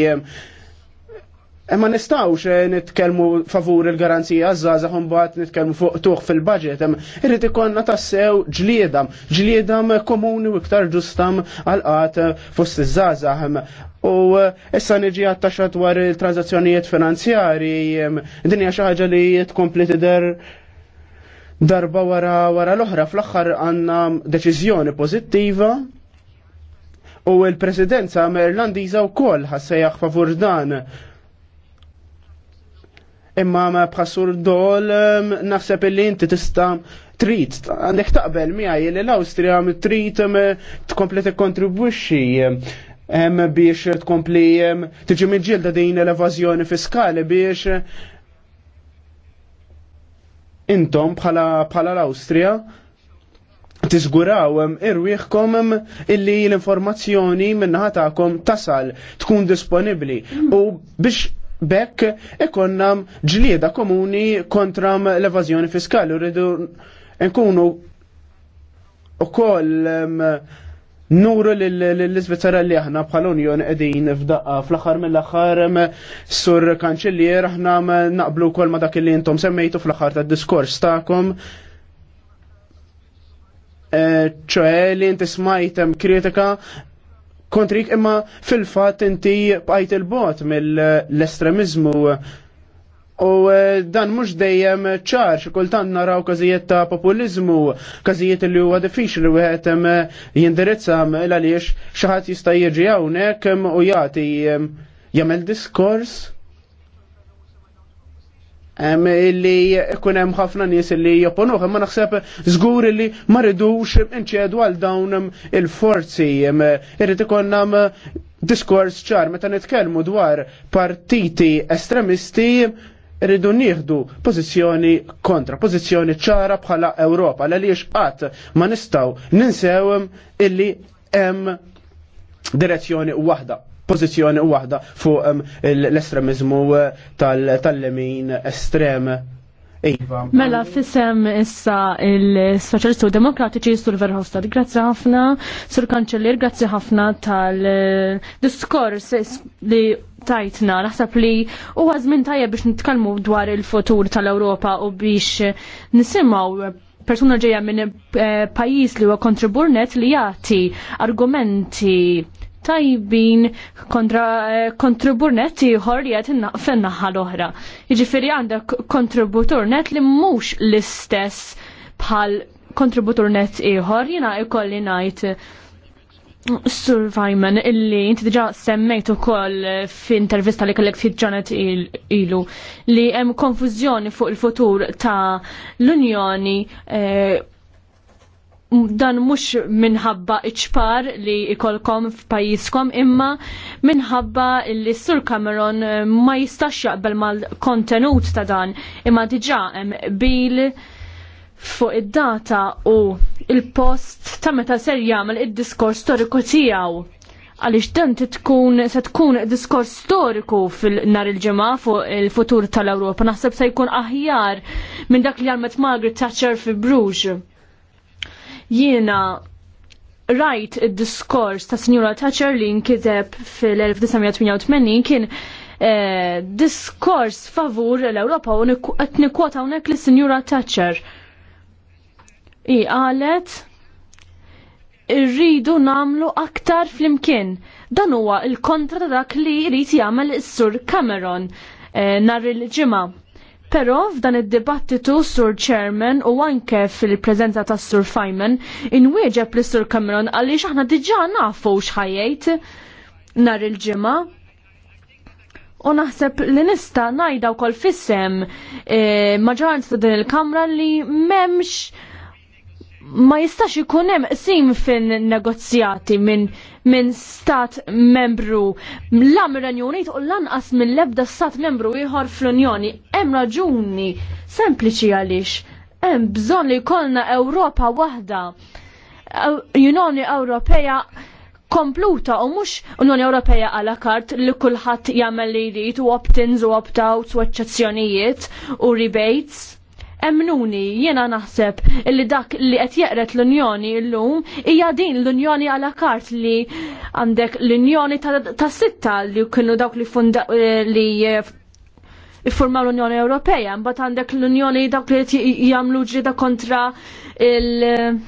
Eh, ma nistawx eh, nitkelmu favur il-garanzija għazzaza bat nitkelmu fuq tuħ fil-budget. Irrid ikonna tassew ġliedam, ġliedam komuni u iktar ġustam għal-qat eh, fost iż-żaza. U issa niġi għattaxa dwar il-transazzjonijiet finanzjari, dinja xaħġa li tkompli tider darba wara wara l-oħra fl-axħar għanna deċiżjoni pozittiva u l-presidenza Irlandiża wkoll ħassejjaħ favur dan Imma bħassur dol naħseb illi inti tista' trid għandek taqbel miegħi li l-Awstrija trid tkompli tikkontribwixxi biex tkompli tiġi miġġielda din l-evażjoni fiskali biex intom bħala bħala l-Awstrija tiżguraw irwieħkom illi l-informazzjoni minnaħatakom tasal tkun disponibli u biex bekk ikonna ġlieda komuni kontra l-evażjoni fiskali rridu nkunu koll nuru l-Svizzera li aħna bħal Unjon qegħdin f'daqqa fl-aħħar mill-aħħar sur Kanċillier aħna naqblu wkoll ma dak li intom semmejtu fl-aħħar tad-diskors tagħkom eh, ċoħe li inti kritika kontrik imma fil-fat inti bqajt il-bot mill-estremizmu u eh, dan mhux dejjem ċar kultan naraw każijiet ta' populiżmu, każijiet li huwa diffiċli wieħed jindirizza għaliex xi ħadd jista' jiġi hawnhekk u jagħti jagħmel diskors li kun hemm ħafna nies li jopponuh, imma naħseb żgur li ma ridux inċedu għal dawn il-forzi. Irrid nam diskors ċar meta nitkellmu dwar partiti estremisti rridu nieħdu pożizzjoni kontra, pożizzjoni ċara bħala Ewropa, l għaliex qatt ma nistgħu ninsew illi hemm direzzjoni waħda pożizzjoni waħda fuq l-estremizmu eh, tal-lemin estrem. Iva. Mela, fissem issa il soċalistu Demokratiċi Sur Verhofstadt. Grazzi ħafna, Sur Kanċellir, grazzi ħafna tal-diskors li tajtna. Naħseb li u għazmin tajja biex nitkalmu dwar il-futur tal-Europa u biex nisimaw persuna ġeja minn eh, pajis li huwa kontribur net li jagħti argumenti tajbin kontra eh, kontribunet net ieħor li qed naħa l-oħra. Jiġifieri għandek kontributur net li mhux l-istess bħal kontributur net ieħor Jina ikolli ngħid Surveyman illi inti diġa semmejt ukoll f'intervista li kellek fi Janet ilu li hemm konfużjoni fuq il-futur ta' l-Unjoni eh, dan mhux minħabba iċpar li ikolkom f'pajjiżkom imma minħabba li Sur Cameron ma jistax jaqbel mal-kontenut ta' dan imma diġà hemm bil fuq id-data u il-post ta' meta ser jagħmel id-diskors storiku tiegħu għaliex dan tkun se tkun diskors storiku fil-nar il-ġimgħa fuq il-futur tal-Ewropa naħseb se jkun aħjar minn dak li għalmet Margaret Thatcher fi Bruges Jiena rajt id-diskors ta' Sinjura Thatcher li nkiteb fil-1988 kien eh, diskors favur l-Ewropa u qed unek hawnhekk li Sinjura Thatcher. I qalet irridu namlu aktar flimkien. Dan huwa il-kontra dak li jrid jagħmel is-Sur Cameron eh, nhar il-ġimgħa Pero f'dan id-dibattitu sur Chairman u anke fil-prezenza ta' sur Feynman inwieġeb li sur Cameron għaliex aħna diġà nafu x'ħajjejt nhar il-ġimgħa. U naħseb li nista' ngħidha wkoll fissem e, maġġoranza ta' din il-kamra li m'hemmx ma jistax ikun hemm sim fin-negozjati minn min stat membru la mir-Renju Unit u lanqas minn lebda ebda stat membru ieħor fl-Unjoni. Hemm raġuni sempliċi għaliex hemm bżonn li jkollna Ewropa waħda. Unjoni Ewropea kompluta u mhux Unjoni Ewropea għala kart li kulħadd jagħmel li jrid u opt-ins u opt-outs u eċċezzjonijiet u rebates Emnuni, jiena naħseb li dak li qed jeqret l-Unjoni llum hija din l-Unjoni għala kart li għandek l-Unjoni ta' sitta li kienu dawk li funda li iffurmaw l-Unjoni Ewropea, mbagħad għandek l-Unjoni dawk li jagħmlu ġrida kontra il-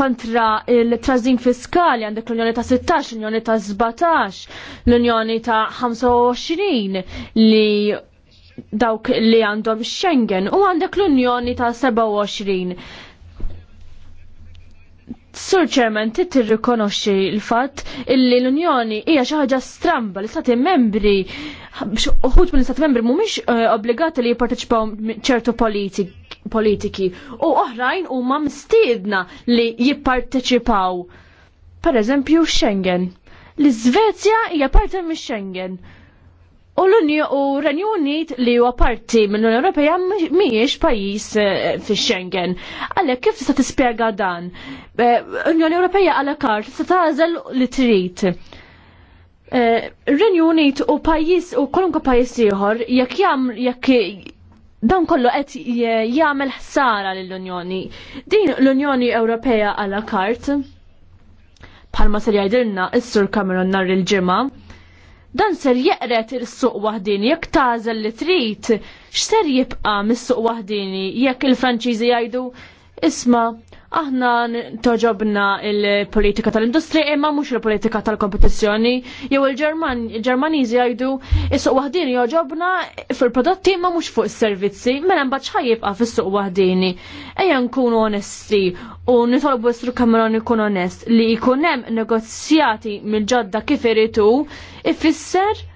kontra il-trażin fiskali għandek l-Unjoni ta' 16, l-Unjoni ta' 17, l-Unjoni ta' 25 li dawk li għandhom Schengen u għandek l-Unjoni ta' 27. Sur Chairman, tit tirrikonoxxi l-fatt illi l-Unjoni hija xi ħaġa stramba li stati membri uħut mill istati membri mhumiex eh, obbligati li jipparteċipaw ċertu politiki u oħrajn huma mstiedna li jipparteċipaw. Per eżempju Schengen. L-Svezja hija parti mix Schengen. U l-Renju Unit li huwa parti mill-Unjoni Ewropea mhijiex pajjiż eh, fi Schengen. Għalhekk kif tista' tispjega dan? Eh, Unjoni Ewropea għal kart tista' tagħżel li trid. Eh, Renju Unit u pajjiż u kwalunkwe pajjiż ieħor jekk jam jekk dan kollu qed jagħmel ħsara lill-Unjoni. Din l-Unjoni Ewropea għal kart bħalma ser jgħidilna is-Sur Cameron nhar il-ġimgħa dan ser jeqret il-suq wahdini, jekk tażel li trid, x'ser jibqa' mis-suq wahdini jekk il-Franċiżi jgħidu isma' aħna toġobna il-politika tal-industri imma mhux il-politika tal-kompetizzjoni jew il-Ġermaniżi jgħidu is-suq waħdini joġobna fil-prodotti imma mhux fuq is-servizzi mela mbagħad ħajjibqa' fis-suq waħdini. Ejja nkunu onesti u nitolbu s-sur Cameron ikun onest li jkun hemm negozjati mill-ġodda kif iritu ifisser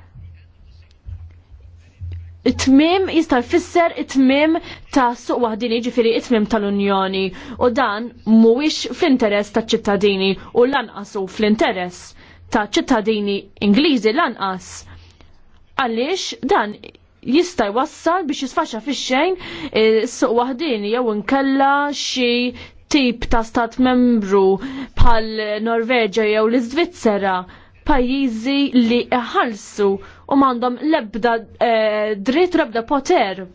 it-tmim jista' jfisser it-tmim ta' suq waħdin jiġifieri it-tmim tal-Unjoni u dan mhuwiex fl-interess taċ ċittadini u lanqas u fl-interess ta' ċittadini Ingliżi lanqas. Għaliex dan jista' jwassal biex jisfaxxa fix-xejn eh, suq waħdin jew inkella xi tip ta' stat membru bħal Norveġa jew l-Iżvizzera pajjiżi li iħallsu u mandom lebda eh, dritt u lebda poter.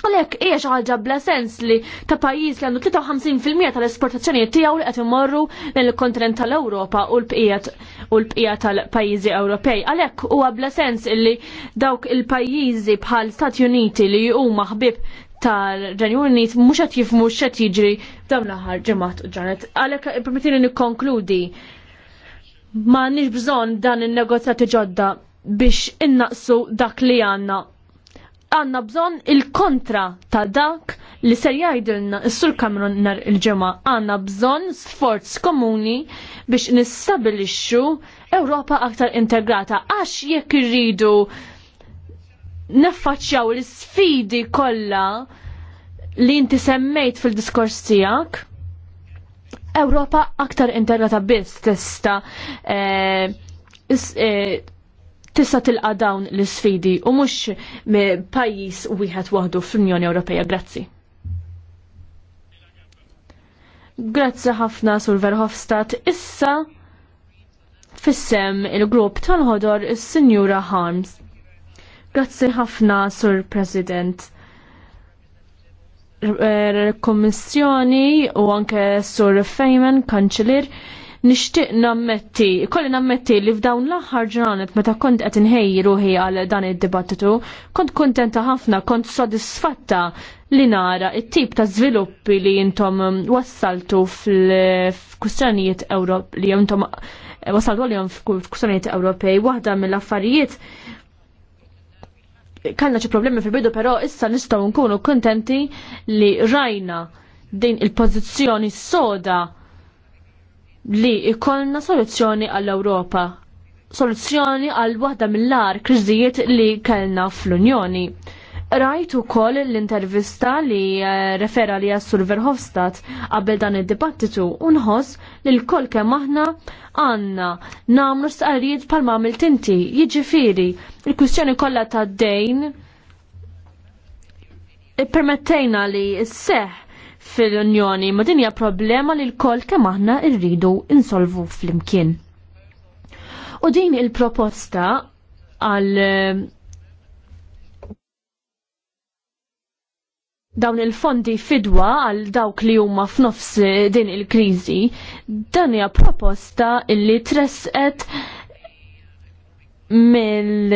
Għalek, iex ħaġa bla sens li ta' pajis li għandu 53% tal-esportazzjoni tijaw li għet imorru nel kontinent tal-Europa u l-bqija tal-pajizi Ewropej. Għalek, u bla sens li dawk il-pajizi bħal Stati Uniti li u maħbib tal-Renju Unit muxat jifmu xat jiġri dawn l-ħar ġemat u ġanet. Għalek, eh, permettini nikkonkludi ma nix bżon dan il-negozjati ġodda biex innaqsu dak li għanna. Għanna bżon il-kontra ta' dak li ser jgħidilna s-sur Kamron nar il-ġemma. Għanna bżon sforz komuni biex nistabilixxu Ewropa aktar integrata għax jekk irridu neffaċċjaw l-sfidi kollha li inti semmejt fil-diskors tiegħek. Ewropa aktar integrata biss tista' eh, eh tista' tilqa' dawn l-isfidi u mhux pajjiż wieħed waħdu fl-Unjoni Ewropea. Grazzi. Grazzi ħafna Sur Verhofstadt. Issa fissem il-grupp tal-ħodor is-Sinjura Harms. Grazzi ħafna Sur President. Eh, Kommissjoni u anke Sur Feynman, Kanċilir, nixtieq nammetti, kolli nammetti li f'dawn l-aħħar ġranet meta kont qed inħejji ruħi għal dan id-dibattitu, kont kontenta ħafna, kont sodisfatta li nara it-tip ta' żviluppi li intom um, wassaltu f'kustjonijiet Ewrop li jintom eh, wassaltu għalihom f'kustjonijiet Ewropej, waħda mill-affarijiet kanna xi problemi fil-bidu, però issa nistgħu nkunu kontenti li rajna din il-pożizzjoni soda li ikollna soluzzjoni għall-Ewropa, soluzzjoni għal waħda mill-ar kriżijiet li kellna fl-Unjoni. Rajt ukoll l-intervista li eh, refera li jassur Verhofstadt qabel dan id-dibattitu u nħoss li l-koll kemm aħna għandna nagħmlu stqarrijiet pal mamil tinti, jiġifieri il-kwistjoni kollha tad-dejn permettejna li s-seħ fil-Unjoni, ma din hija problema li l-koll kemm aħna rridu insolvu flimkien. imkien U din il-proposta għal dawn il-fondi fidwa għal dawk li huma f'nofs din il-kriżi, dan hija proposta illi tresqet mill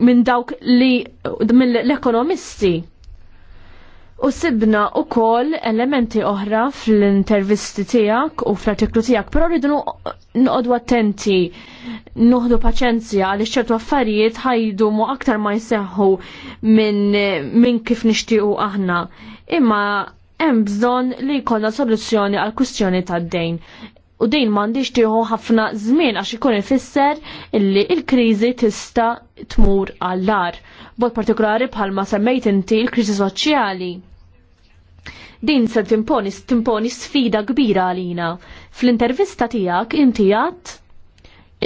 minn dawk li mill-ekonomisti U sibna u kol elementi oħra fl-intervisti tijak u fl-artiklu tijak, pero rridu nqodu attenti, nuħdu paċenzja għal ċertu affarijiet ħajdu mu aktar ma jseħħu minn min kif nixtiequ aħna. Imma hemm bżonn li jkollna soluzzjoni għal kwistjoni tad-dejn. U dejn m'għandix tieħu ħafna żmien għax ikun ifisser illi il-kriżi tista' tmur għall-ar. Bot partikolari bħalma semmejt inti l-kriżi soċjali. Din se timponi, timponi sfida kbira għalina. Fl-intervista tiegħek inti għat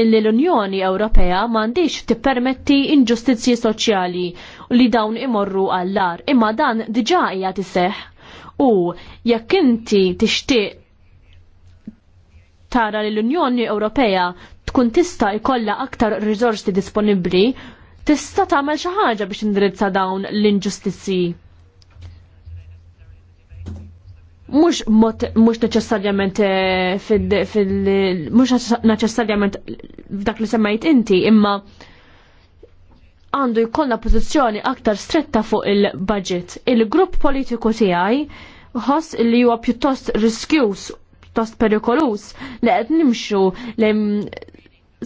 illi l-Unjoni Ewropea m'għandix tippermetti inġustizzji soċjali u li dawn imorru għall-ar, imma dan diġà hija tiseħħ. U jekk inti tixtieq tara li l-Unjoni Ewropea tkun tista jkollha aktar riżorsi disponibbli tista' tagħmel xi ħaġa biex indirizza dawn l inġustizzji Mhux mhux neċessarjament eh, fil mhux neċessarjament f'dak li semmejt inti, imma għandu jkollna pożizzjoni aktar stretta fuq il-budget. Il-grupp politiku tiegħi ħoss li huwa pjuttost riskjus, pjuttost perikolus li qed nimxu lejn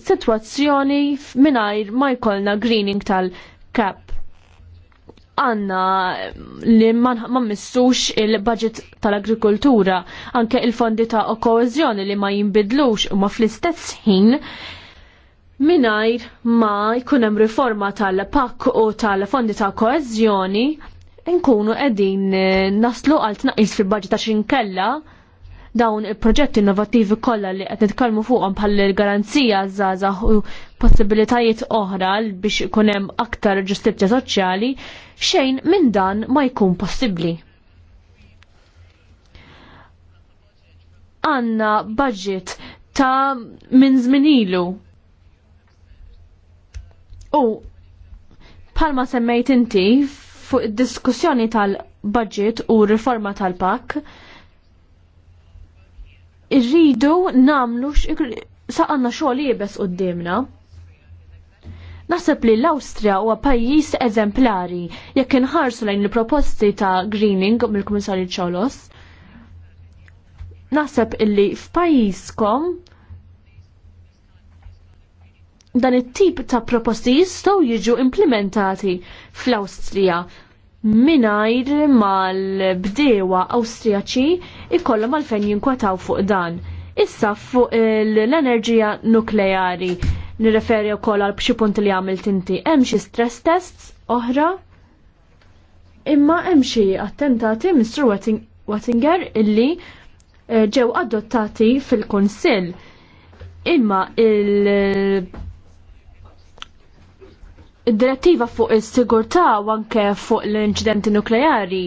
situazzjoni mingħajr ma jkollna greening tal-kap. Għanna mm, li ma missux il-budget tal-agrikoltura, anke il-fondi ta' koezjoni li ma jimbidlux u ma fl-istess ħin mingħajr ma jkun hemm riforma tal-pak u tal-fondi ta' koezjoni nkunu qegħdin eh, naslu għal tnaqis fil-budget ta' xinkella kella dawn il-proġetti innovattivi kollha li qed nitkellmu fuqhom bħal garanzija żgħażagħ u possibilitajiet oħra biex ikun hemm aktar ġustizzja soċjali, xejn minn dan ma jkun possibbli. Għanna budget ta' minn ilu. U palma semmejt inti fuq id-diskussjoni tal-budget u riforma tal-pak, irridu namlu saqanna xogħol jibes qudiemna. Naħseb li l-Awstrija huwa pajjiż eżemplari jekk inħarsu lejn il-proposti ta' greening mill-Kummissarju Ċolos. Naħseb illi f'pajjiżkom dan it-tip ta' proposti jistgħu jiġu implementati fl-Awstrija minajr mal-bdewa Awstrijaċi ikollhom għalfejn jinkwataw fuq dan. Issa fuq l-enerġija nukleari nirreferi wkoll għal xi punt li għamil tinti, hemm xi stress tests oħra imma hemm xi attentati Mr. Wattinger illi eh, ġew adottati fil-Kunsill imma il- id-direttiva fuq is-sigurtà u anke fuq l-inċidenti nukleari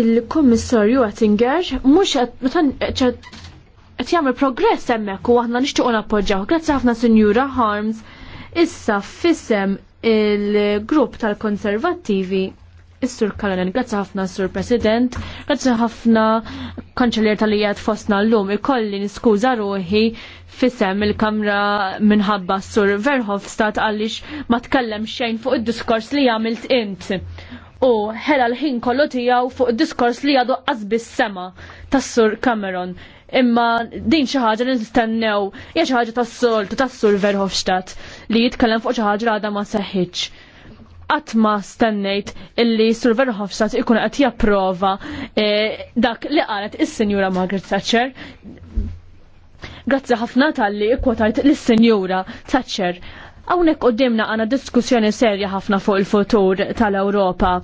il-Kummissarju Attinger mhux qed jagħmel progress hemmhekk u aħna nixtiequ nappoġġjaw. Grazzi ħafna Sinjura Harms issa fissem il-grupp tal-Konservattivi Is-Sur Kalonel, grazzi ħafna Sur President, grazzi ħafna Kanċellier tal-ijat fosna l-lum, ikolli niskuża ruħi fissem il-kamra minħabba Sur Verhofstadt għallix ma tkellem xejn fuq id-diskors li għamilt int. U ħela l-ħin kollu tijaw fuq id-diskors li għadu għazbis sema tas Sur Cameron. Imma din xi ħaġa li nistennew hija xi ħaġa tas-soltu tas-Sur Verhofstadt li jitkellem fuq xi ħaġa għadha ma seħħitx għatma stennejt illi Sur Verhofstadt ikun għat japprova e, dak li għalet il-Senjura Margaret Thatcher. Grazzi ħafna tal-li ikwotajt l-Senjura Thatcher. Għawnek u dimna għana diskussjoni serja ħafna fuq il-futur tal-Europa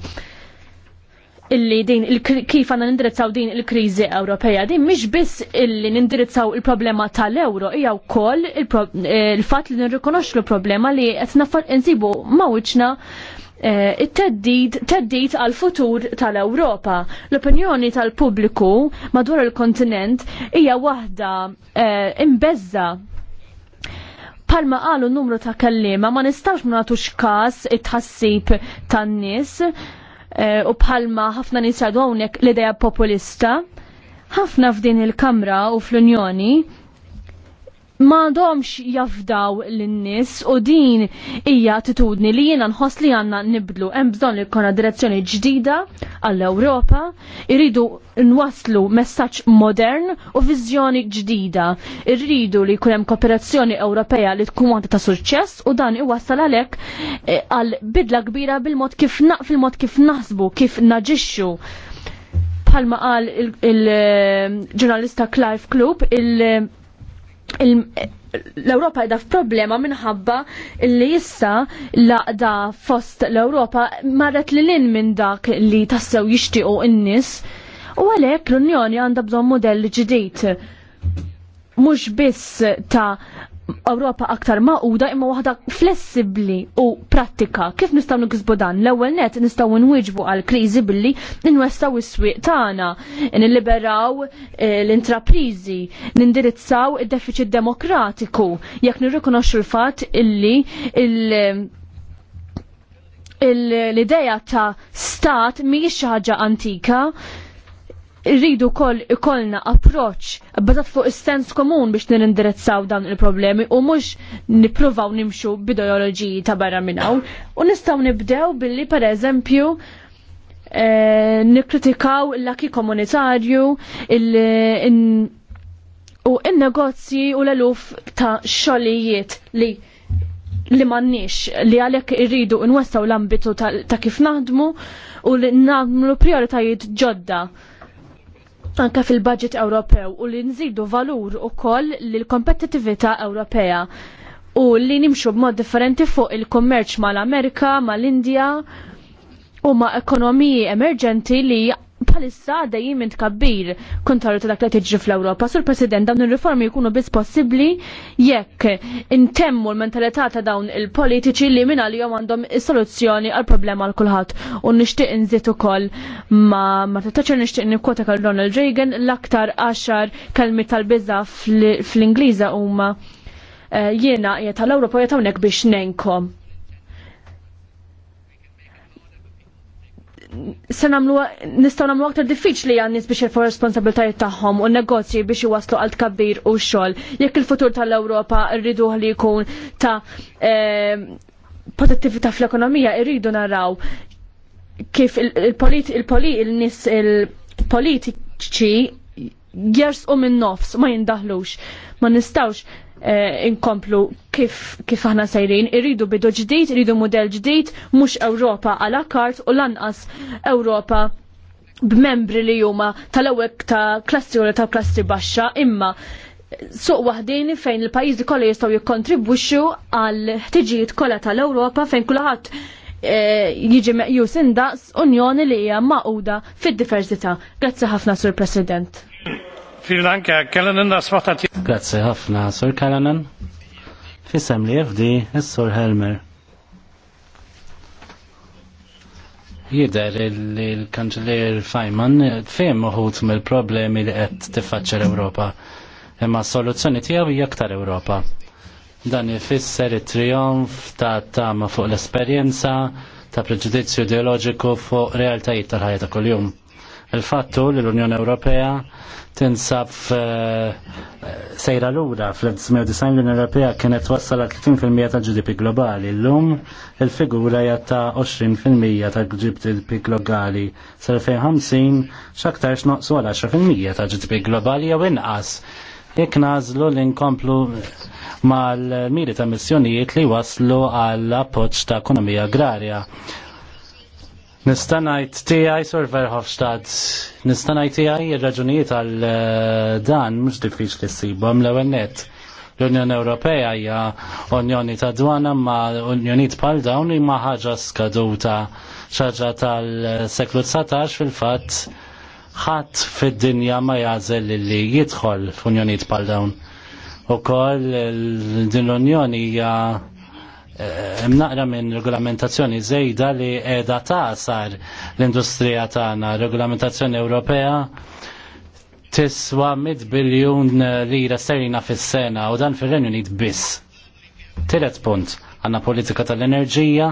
illi din il kif għanna nindirizzaw din il-krizi Ewropeja. Din mhix biss illi nindirizzaw il-problema tal-euro, hija wkoll eh, il-fatt li nirrikonoxxu l-problema li qed insibu mawċna eh, it-teddid għal-futur tal-Ewropa. L-opinjoni tal-pubbliku madwar il-kontinent hija waħda eh, imbeżza palma qalu numru ta' kellima ma nistax ma nagħtux każ it-tħassib tan-nies Eh, u bħalma ħafna ninsadu hawnhekk l-idea populista. Ħafna f'din il-Kamra u fl-Unjoni domx jafdaw lin-nies u din hija attitudni li jiena nħoss li għandna nibdlu hemm bżonn li jkollna direzzjoni ġdida għall-Ewropa, irridu nwaslu messaġġ modern u viżjoni ġdida. Irridu li jkun hemm kooperazzjoni Ewropea li tkun waħda ta' suċċess u dan iwassal għalhekk eh, għal bidla kbira bil-mod kif naq fil-mod kif naħsbu, kif naġixxu bħalma qal il-ġurnalista eh, Clive Klub, il l-Europa edha f'problema minħabba li issa laqda fost l-Europa marret li l-in minn dak li tassew jishtiqo n nies u għalhekk l-Unjoni għandha bżonn modell ġdid mhux biss ta' Ewropa aktar maquda imma waħda flessibbli u prattika. Kif nistgħu nkisbu dan? L-ewwel net nistgħu nwieġbu għal kriżi billi nwestaw is-swieq tagħna, nilliberaw eh, l-intraprizi, nindirizzaw id-deficit demokratiku, jekk nirrikonoxxu l-fatt illi il- l-ideja ta' stat mhijiex xi ħaġa antika, rridu kol ikolna approċ bazat fuq is-sens komun biex nirindirizzaw dawn il-problemi u mhux nippruvaw nimxu b'ideoloġiji ta' barra minn hawn. U nistgħu nibdew billi pereżempju eh, nikkritikaw l-laki komunitarju u il negozji u l-eluf ta' xogħlijiet li li mannix li għalek irridu nwessaw l-ambitu ta', kif naħdmu u li naħdmu prioritajiet ġodda anka fil-budget Ewropew u li nżidu valur ukoll lill kompetitività Ewropea u li nimxu b'mod differenti fuq il-kommerċ mal-Amerika, mal-Indja u ma' ekonomiji emerġenti li bħalissa dejjem minn tkabbir kontaru ta' dak li tiġri fl-Ewropa. Sur President, dawn il riformi jkunu biss possibbli jekk intemmu l-mentalità ta' dawn il-politiċi li minn għalihom għandhom is-soluzzjoni għal problema għal kulħadd u nixtieq inżid ukoll ma ma titaċċer nixtieq nikkwota kal Ronald Reagan l-aktar għaxar kelmi tal-biża fl-Ingliża huma eh, jiena jiet tal-Ewropa jiet hawnhekk biex nenkom. se namlu nistgħu nagħmlu aktar diffiċli għan nies biex jirfu responsabiltajiet tagħhom u negozji biex iwaslu għal tkabbir u xogħol. Jekk il-futur tal-Ewropa rridu li jkun ta' e, protettività fl-ekonomija, rridu naraw kif il-nies il-politiċi jersqu minn nofs ma jindaħlux. Ma nistawx Eh, inkomplu kif, kif aħna sejrin, irridu bidu ġdid, irridu model ġdid, mux Ewropa għala kart u lanqas Ewropa b'membri li huma tal-ewwek ta' klastri u ta' klastri baxxa, imma suq waħdin fejn il-pajjiżi kollha jistgħu jikkontribwixxu għal ħtiġijiet kollha tal-Ewropa fejn kulħadd eh, jiġi meqjus indaqs Unjoni li hija maquda fid-diversità. Grazzi ħafna Sur President. Grazie ħafna, Sur Kellenen. Fissem li jifdi, Sur Helmer. Jider li l Fajman fejn uħut mill-problemi li qed tiffaċċa l-Ewropa. Imma s-soluzzjoni tiegħu hija aktar Ewropa. Dan ifisser it-trionf ta' tama fuq l-esperjenza ta' preġudizzju ideoloġiku fuq realtajiet tal-ħajja ta' kuljum Il-fattu li l-Unjoni Ewropea tinsab eh, sejra lura fl-1990 l-Unjoni Ewropea kienet wassal 30% ta' GDP globali. L-lum il-figura jatta ta' 20% ta' GDP globali. Sal-2050 x'aktar x'noqsu għal 10% ta' GDP globali jew inqas. Jekk nażlu li nkomplu mal-miri ta' missjonijiet li waslu għall appoġġ ta' ekonomija agrarja. Nistanajt tijaj sor Hofstad, nistanajt tijaj il-raġunijiet għal eh, dan mux diffiċ li s-sibom l-ewennet. L-Unjoni Ewropea hija Unjoni ta' dwana ma' Unjoniet pal dawn ma ħaġa skaduta ċaġa tal-seklu 19 fil-fatt ħadd fid-dinja ma jażel li jidħol f'Unjoniet pal dawn. Ukoll din l-Unjoni hija hemm naqra minn regolamentazzjoni żejda li qiegħda sar l-industrija tagħna, regolamentazzjoni Ewropea tiswa mid biljun lira sterlina fis-sena u dan fir-Renju Unit biss. Tielet punt, għandna politika tal-enerġija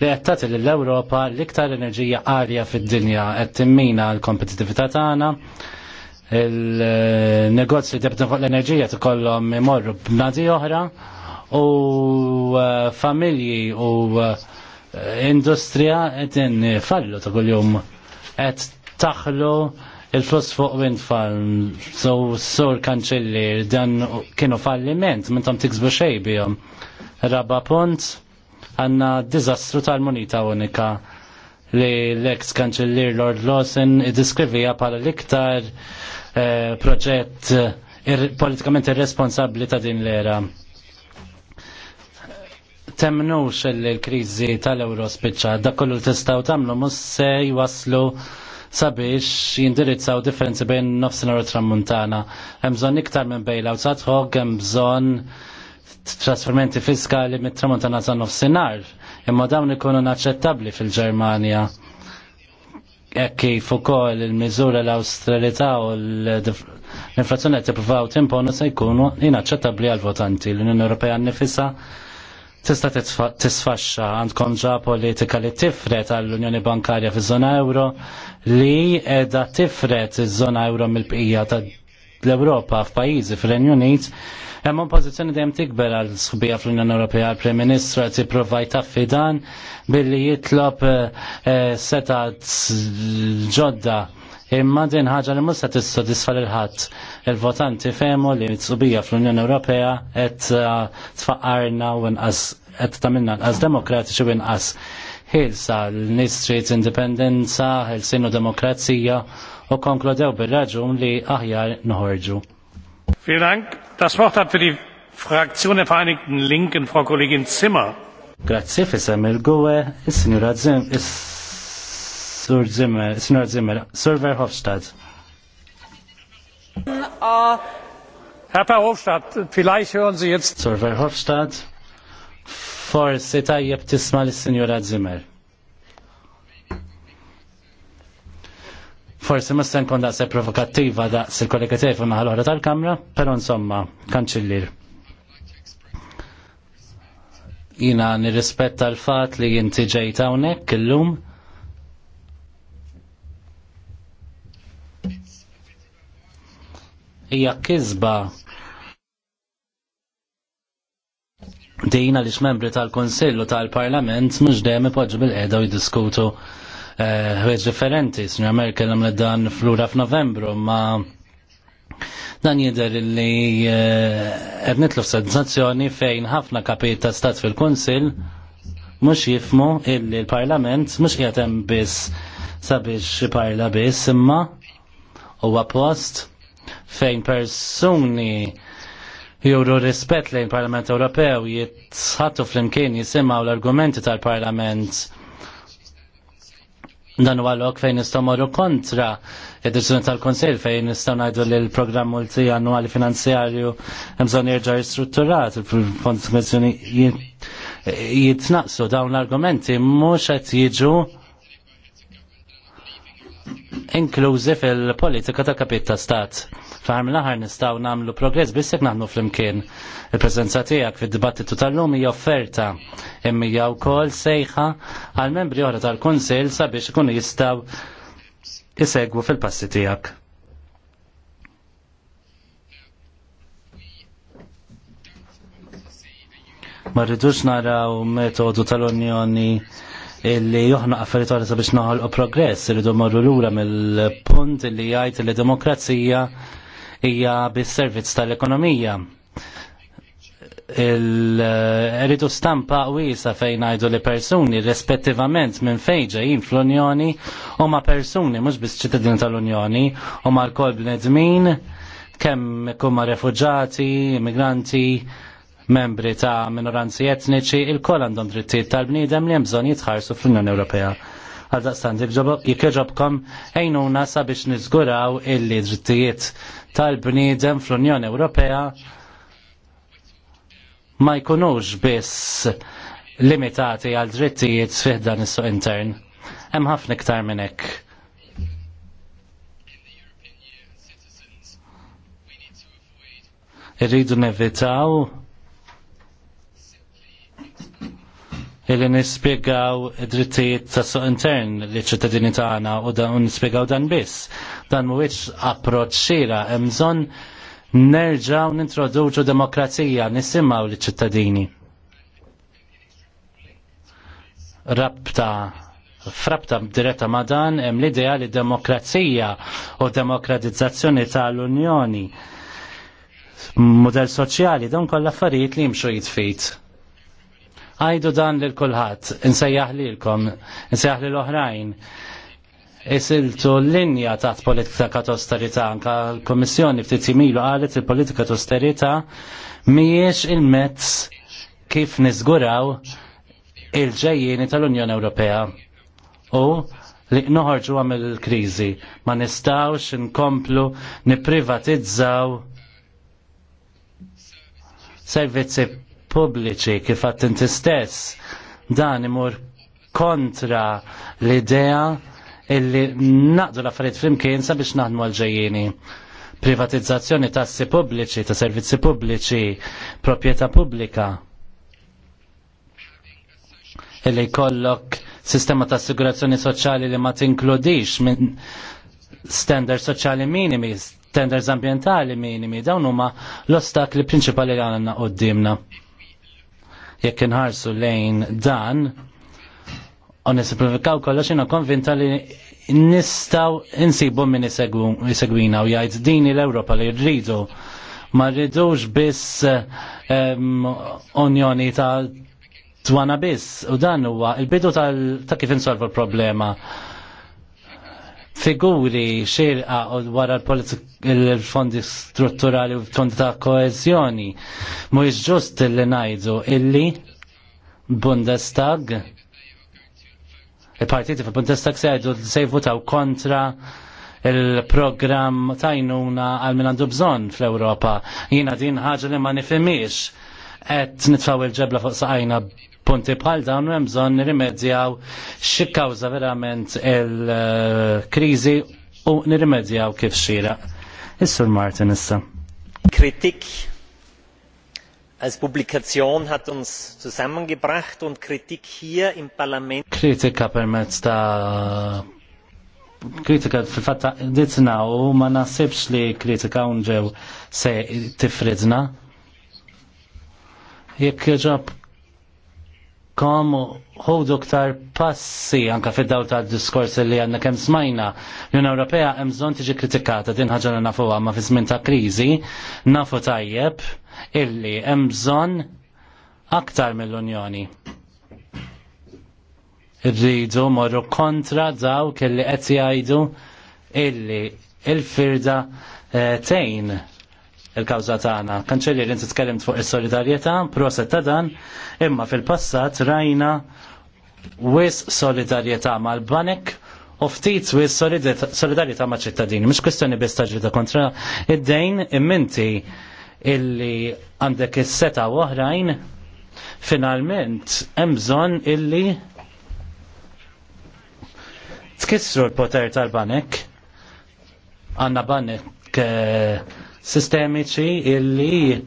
li qed tagħti lill-Ewropa l-iktar enerġija għalja fid-dinja qed timmina l-kompetitività tagħna il-negozji debda fuq l-enerġija tikollhom imorru b'nadi oħra u uh, familji u uh, industrija qed fallu ta' kuljum qed taħlu il-flus fuq wind farm so sur kanċelli dan kienu falliment minn tam tiksbu xej bihom. rabba punt għanna dizastru tal-monita unika li l-ex kanċellir Lord Lawson id-diskrivija pala l-iktar eh, proġett politikament irresponsabli ta' din l-era temnux il-krizi tal-euro spiċċa, da kollu l-testaw tamlu mus se jwaslu sabiex jindirizzaw differenzi bejn nofsinhar u tramuntana. Hemm bżonn iktar minn bejla u sadħog, hemm bżonn trasferimenti fiskali mit-tramuntana sa' nofsinhar. Imma dawn ikunu naċċettabbli fil-Ġermanja. Hekk kif ukoll il-miżura l-awstralità u l-inflazzjoni qed tippruvaw timponu se jkunu inaċċettabbli għal votanti. L-Unjoni Ewropea nnifisha tista tisfaxxa għandkom ġa politika li tifret għall-Unjoni Bankarja fi żona euro li edha tifret iż-żona euro mill-bqija ta' l-Europa f'pajjiżi fir renju Unit hemm pożizzjoni dejjem tikber għal sħbija fl-Unjoni Ewropea għall Prim Ministru qed jipprovaj taffi dan billi jitlob eh, eh, seta ġodda Imma din ħaġa li t tissodisfa lil ħadd il-votanti femmu li tsubija fl-Unjoni Ewropea qed uh, tfaqarna u nqas qed tagħmilna nqas demokratiċi u nqas ħilsa l-Nistrit Indipendenza, ħilsinu Demokrazija u konkludew bil-raġun li aħjar nħorġu. Vielen Dank. Das Wort hat für die Fraktion der Vereinigten Linken Frau Kollegin Zimmer. Grazie, fissem il-gwe, il-signora Zimmer, Sur Zimmer, Sinor Zimmer, Sur Verhofstadt. Herr Verhofstadt, vielleicht hören Sie jetzt. Sur Verhofstadt, for tajjeb tisma Signora Zimmer. Forsi ma sen kon daqse provokattiva daqs il-kollega tiegħi ma ħalora tal-kamra, però insomma, kanċillir. Jina nirrispetta l-fat li jinti ġejta unek, l-lum, hija kisba dejna li membri tal-Konsillu tal-Parlament mhux dejjem ipoġġu bil-qeda u jiddiskutu eh, ħwejġ differenti. Sinja Merkel għamlet dan flura f'Novembru, ma dan jidher li eh, qed nitlu sensazzjoni fejn ħafna kapit ta' stat fil-Kunsill mhux jifmu illi l-Parlament mhux qiegħed hemm biss sabiex parla biss imma huwa post fejn persuni juru rispett lejn Parlament Ewropew jitħatu flimkien jisimaw l-argumenti tal-Parlament dan u għallok fejn nistaw morru kontra id-deċizjoni tal-Konsil fejn nistaw najdu li l-programm multi annuali finanzjarju jemżon jirġa jistrutturat il-fond kommissjoni jitnaqsu dawn l-argumenti mhux qed jiġu inklużi fil-politika ta' kapit ta' stat. Fahar l aħar nistaw namlu progress biss jekk naħnu flimkien. Il-preżenza tiegħek fid-dibattitu tal-lum hija offerta imija wkoll sejħa għal membri oħra tal kunsil sabiex ikunu jistgħu jisegwu fil-passi tiegħek. Ma rridux naraw metodu tal-Unjoni illi joħna affarijiet għalisa sabiex naħolqu progress, irridu marru lura mill-punt illi jgħid li demokrazija hija bis-servizz tal-ekonomija. il eridu stampa wisa fejn għajdu li persuni rispettivament minn jien fl-Unjoni u ma persuni mux bis ċittadin tal-Unjoni u ma l-kol bnedmin kemm kumma refugġati, immigranti, membri ta' minoranzi etniċi, il-kol għandhom drittijiet tal-bniedem li hemm bżonn jitħarsu fl-Unjoni Ewropea. Għal daqstan, jek ejnu għajnuna sabiex nizguraw illi drittijiet tal-bniedem fl-Unjoni Ewropea ma jkunux biss limitati għal drittijiet fiħdan is-suq intern. Hemm ħafna iktar minn hekk. Irridu nevitaw illi nispiegaw drittijiet ta' suq intern li ċittadini tagħna u da nispiegaw dan biss. Dan mhuwiex approċċ xira hemm bżonn nerġgħu nintroduċu demokrazija nisimaw li ċittadini. Rabta frabta diretta ma' dan hemm l-idea li demokrazija u demokratizzazzjoni tal-Unjoni model soċjali dan kollha affarijiet li jimxu jitfit Għajdu dan lil kulħadd, insejjaħ lilkom, insejjaħ lil oħrajn. Isiltu l-linja taħt politika ta' austerità anka l komissjoni ftit jimilu qalet il-politika ta' austerità mhijiex il-mezz kif niżguraw il-ġejjieni tal-Unjoni Ewropea. U li noħorġu għam il-krizi. Ma nistawx nkomplu niprivatizzaw servizzi pubbliċi kif għat inti stess dan imur kontra l-idea illi naqdu l-affarijiet flimkien sabiex naħdmu għal-ġejjini. Privatizzazzjoni tassi pubbliċi, ta' servizzi pubbliċi, proprjetà pubblika. Illi jkollok sistema ta' assigurazzjoni soċjali li ma tinkludix minn standard soċjali minimi, standards ambientali minimi, dawn huma l-ostakli prinċipali li għandna qoddimna. Jekk inħarsu lejn dan, u nisimplifikaw kollox jiena konvinta li nistaw insibu minn isegwina u jgħid din l-Ewropa li rridu ma rridux biss um, unjoni ta' twana biss u dan huwa il-bidu ta' kif insolvu l-problema figuri xirqa wara l-fondi strutturali u fondi ta' koezjoni. Mhuwiex ġust li ngħidu illi Bundestag il-partiti fil bundestag se għajdu se jvutaw kontra il-programm tajnuna għal min għandu bżonn fl-Ewropa. Jiena din ħaġa li ma nifimiex qed nitfaw il-ġebla fuq saqajna punti bħal dawn u bżonn nirrimedjaw xi kawża verament il-kriżi u nirrimedjaw kif xira. Is-Sur Martin issa. Kritik als Publikation hat uns zusammengebracht und Kritik hier im Parlament. Kritika permezz ta' kritika fil-fatta ditna u ma nasibx li kritika unġew se tifridna. Jekk ġab kom ħodu ktar passi anka fid dawl ta' diskors li għanna kem smajna. L-Unjoni Ewropea hemm bżonn tiġi kritikata din ħaġa li nafu ma fi żmien ta' kriżi nafu tajjeb illi hemm bżonn aktar mill-Unjoni. Rridu morru kontra dawk illi qed jgħidu illi il-firda eh, tejn il-kawza tagħna. Kanċellier inti tkellimt fuq is-solidarjetà, proset ta' dan, imma fil-passat rajna wis solidarjetà mal-banek u ftit wis solidarjetà ma' ċittadini. Mhux kwistjoni biss ta' kontra id-dejn imminti illi għandek is-seta' oħrajn finalment hemm bżonn illi tkissru l-poter tal-banek għanna banek, banek eh, sistemiċi illi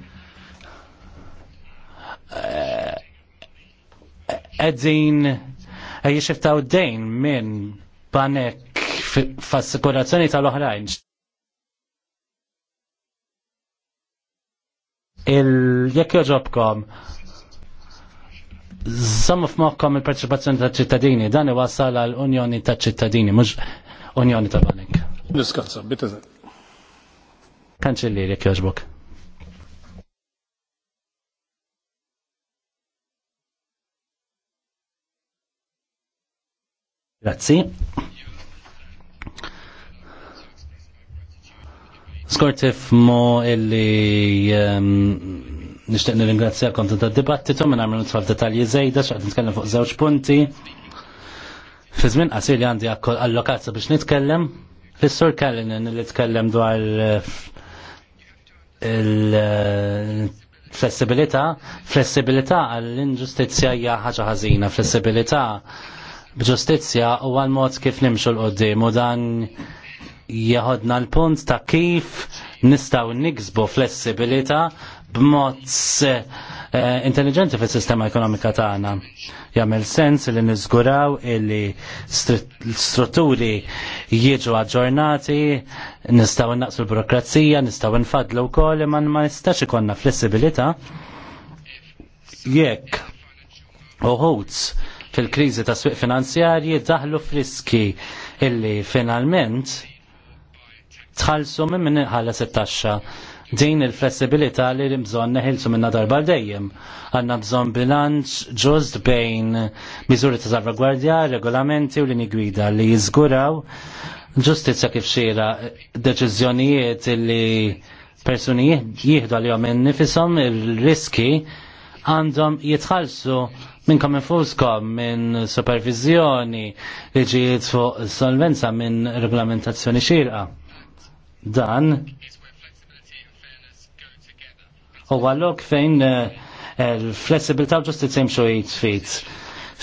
għedzin eh, eh, jixiftaw dejn minn banek fassikurazzjoni tal-oħrajn. il jek joġobkom, zammu f'moħkom il-parċipazzjoni ta' ċittadini, dan iwassal għal unjoni ta' ċittadini, mux unjoni ta' panek. Niskazza, bitte Kanċellieri kjoġbok. Grazzi. Skortif mo illi ehm, nishtiq nir-ingrazzjakom ta' dibattitu minn għamlu nitfall detalji zejda xaqt nitkellem fuq żewġ punti. Fi żmien qasir li għandi allokazza biex nitkellem, fis-sur Kellinen li tkellem dwar eh, il-flessibilità, flessibilità għall-inġustizzja hija ħaġa ħażina, flessibilità b'ġustizzja u għal-mod kif nimxu l-qoddim u dan jaħodna l-punt ta' kif nistaw niksbu flessibilità b'mod eh, intelligenti fis-sistema ekonomika tagħna. Jagħmel sens li niżguraw illi l-strutturi jiġu aġġornati, nistgħu naqsu l-burokrazija, nistgħu nfadlu wkoll imma ma nistax ikollna flessibilità jekk uħuds fil-kriżi ta' swieq finanzjarji daħlu friski illi finalment tħallsu minn minħalla 16 din il-flessibilità li li neħilsu minna darba dejjem. Għanna bżon bilanċ ġust bejn miżuri ta' salvaguardja, regolamenti u lini gwida li jizguraw ġustizja kif xira deċizjonijiet li persuni jihdu għal-jom nifisom il-riski għandhom jitħalsu minn kom infuskom, minn supervizjoni, liġijiet fuq solvenza, minn regolamentazzjoni xirqa. Dan u għallok fejn eh, eh, l flessibilta u ġustizja mxu jitfit.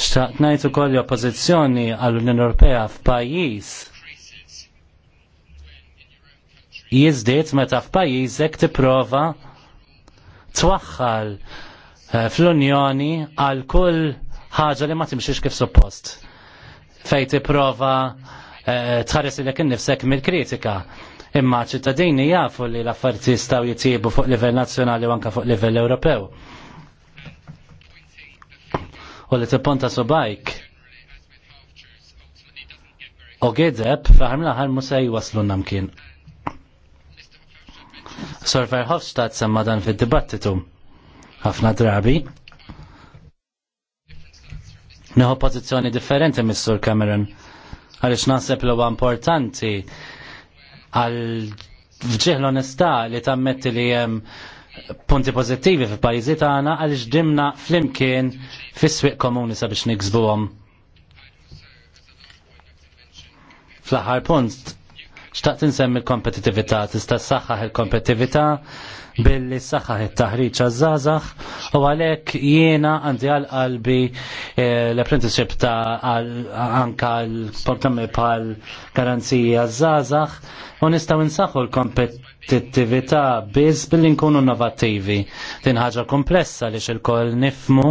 Xtaqt najtu koll oppozizjoni għall-Unjoni Ewropea f'pajjiż jizdiet meta f'pajjiżek tipprova twaħħal eh, fl-Unjoni għal kull ħaġa li ma timxiex kif suppost. Fejn tipprova tħares li kien nifsek mill-kritika. Imma ċittadini jafu li l-affarijiet jistgħu jitjiebu fuq livell nazzjonali u anke fuq livell Ewropew. U li tipponta subajk u gideb fl-aħħar mill-aħħar mhux se namkien. Sor Verhofstadt semma dan fid-dibattitu ħafna drabi. Neħu pozizjoni differenti mis-Sur Cameron għaliex naħseb li huwa importanti għal ġeħl onestà li tammetti li jem punti pozittivi fi pajizi tagħna għal ġdimna flimkien fis-swieq komuni sabiex niksbuhom. Fl-aħħar punt Xtaqt insemmi l-kompetitività, tista' s-saxħaħ il-kompetitività billi saħħaħ it-taħriġ għaż għazzazax u għalhekk jiena għandi għal qalbi eh, l-apprenticeship ta' anka l portami pal garanzija għaż-żgħażagħ u nistgħu saxħu l kompetitività biss billi nkunu innovattivi. Din ħaġa komplessa li xil-kol nifmu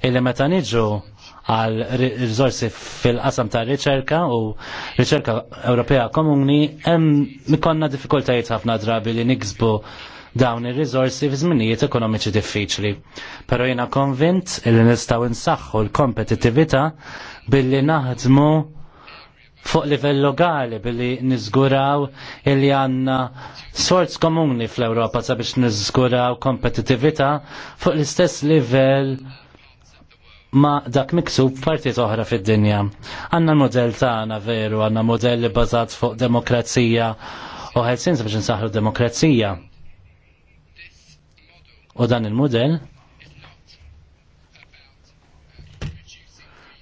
illi meta niġu għal rizorsi fil-qasam ta' riċerka u riċerka Ewropea komuni, hemm mikonna diffikultajiet ħafna drabi li niksbu dawn ir-riżorsi fi żminijiet ekonomiċi diffiċli. Però jiena konvint li nistgħu nsaħħu l-kompetittività billi naħdmu fuq livell lokali billi niżguraw illi għandna sorts komuni fl ewropa sabiex niżguraw kompetittività fuq l-istess livell ma dak miksub partijiet oħra fid-dinja. Għanna modell tagħna veru, għanna modell li bażat fuq demokrazija u ħelsins biex nsaħru demokrazija. U dan il-modell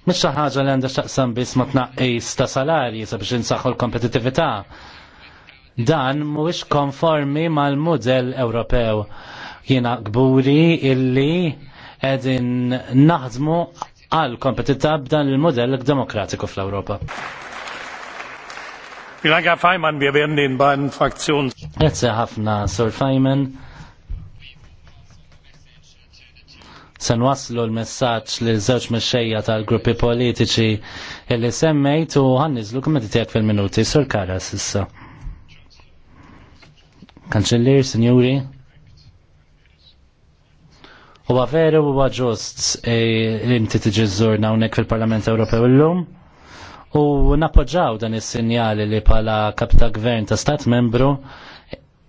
Mux ħaġa li għandha xaqsam biss ma tnaqqis ta' salarji sabiex insaħħu l-kompetitività. Dan mhuwiex konformi mal-mudell Ewropew. Jiena gburi illi edin naħdmu għal kompetita b'dan il-modell demokratiku fl-Europa. Vielen Dank, Feimann. Wir werden den beiden Fraktionen. Grazie ħafna, Sir Feynman. Se waslu l-messaġġ li żewġ mexxejja tal-gruppi politiċi li semmejt u ħanniżlu kummenti fil-minuti, Sir Karas issa. Kanċellier, Sinjuri. Huwa veru u ġust e, li inti tiġi żurna hawnhekk fil-Parlament Ewropew illum. U nappoġġaw dan is-sinjali li bħala Kapta gvern ta' stat membru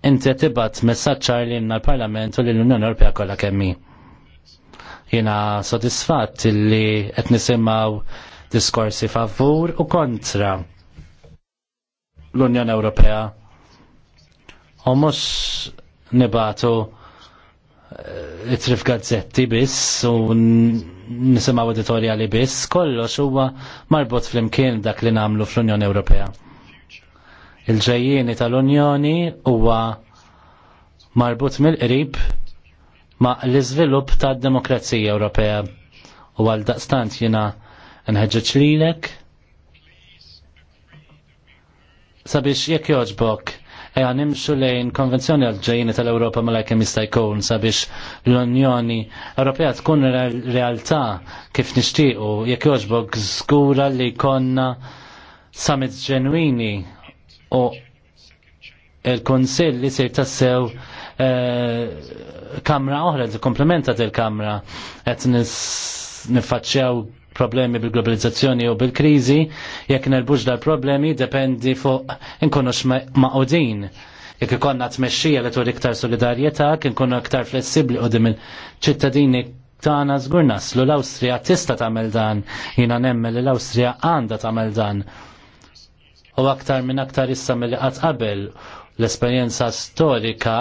inti qed tibgħat messaġġar li l-Parlament u l unjoni Ewropea kollha kemm Jena Jiena sodisfatt li qed nisimaw diskorsi favur u kontra l-Unjoni Ewropea. U mhux nibatu it it-trif gazzetti biss u nisimaw editoriali biss, kollox huwa marbot fl-imkien dak li namlu fl-Unjoni Ewropea. Il-ġejjieni tal-Unjoni huwa marbut mill-qrib ma l-iżvilupp tad-demokrazija Ewropea u għal daqstant jina nħeġġeġ lilek sabiex jekk joġbok Eja nimxu lejn konvenzjoni għal-ġejni tal-Europa ma mela kemm jista' jkun sabiex l-Unjoni Ewropea tkun realtà kif nixtiequ jekk jogħġbok żgura li konna summits ġenwini u il konsil li sir tassew eh, kamra oħra, komplementa til kamra et nifacċjaw problemi bil-globalizzazzjoni u bil-krizi, jekk nerbux dal-problemi dependi fuq inkunux maqodin. Jekk ikonna tmexxija li tur iktar solidarjetà, kien iktar flessibbli u dim il-ċittadini tagħna żgur naslu l-Awstrija tista' tagħmel dan, jiena nemmel li l-Awstrija għandha tagħmel dan. U aktar minn aktar issa mill qatt qabel l-esperjenza storika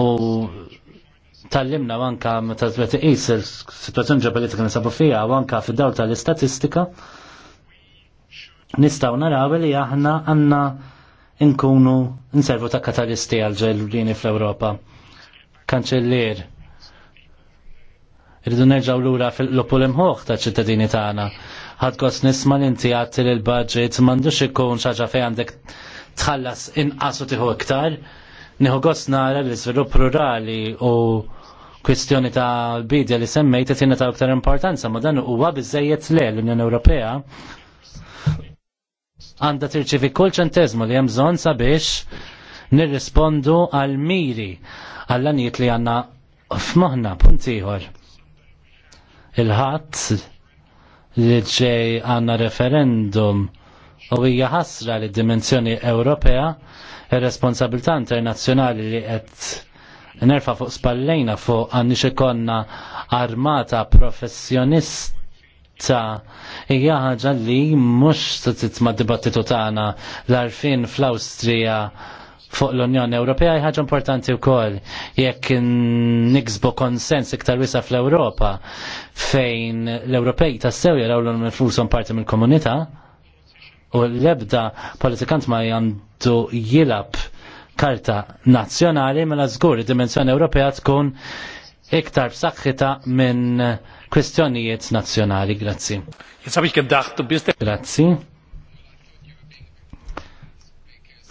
u Tallimna anka meta tbet is il-sitwazzjoni ġeopolitika nisabu fija u anka fid-dawl tal-istatistika nistgħu naraw li aħna għandna nkunu nservu ta' katalisti għal ġelrini fl-Ewropa. Kanċellier, irridu nerġaw lura fil-lopul imħuħ ta' ċittadini tagħna. Ħadd gost nisma' li inti għattil il budget m'għandux ikun xaġa fejn għandek tħallas inqasu u iktar. Nieħu gost nara l-iżvilupp rurali u kwistjoni ta' bidja li semmejt qed ta' aktar importanza, ma dan huwa biżejjed le l-Unjoni Ewropea għandha tirċivi kull ċentezmu li hemm bżonn sabiex nirrispondu għal miri għall anijiet li għandna f'moħħna punt ieħor. Il-ħadd li ġej għandna referendum u hija ħasra li d-dimensjoni Ewropea ir-responsabilità internazzjonali li qed nerfa fuq spallejna fuq għanni xikonna armata professjonista hija ħaġa li mhux se titma' dibattitu tagħna l-arfin fl-Awstrija fuq l-Unjoni Ewropea ħaġa importanti wkoll jekk niksbu konsens iktar wisa fl-Ewropa fejn l-Ewropej tassew jaraw l-minflusom parti mill-komunità u l-ebda politikant ma jandu jilab karta nazzjonali mela żgur id-dimensjoni Ewropea tkun iktar b'saħħita minn kwestjonijiet nazzjonali. Grazzi. Grazzi.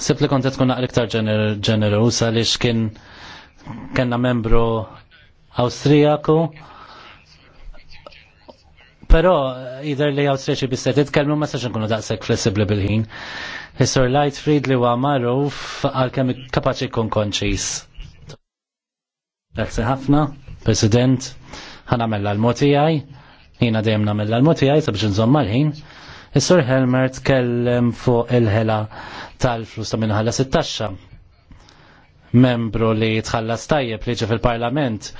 Sib li kontet kun naqra iktar ġenerosa għaliex kien kena membru Awstrijaku. Pero jider li Awstrijaċi bistet, id-kelmu ma sax kunu daqshekk flessibbli bil-ħin. Is-Sur Lightfried li huwa magħruf għal kapaċi jkun konċis. Grazzi ħafna, President, mella l-motijaj, jina dejjem namel l-motijaj sabiex nżomm mal-ħin. Is-Sur Helmer tkellem fuq il-ħela tal-flus ta' minħalla 16 membru li tħallas tajjeb liġi fil-parlament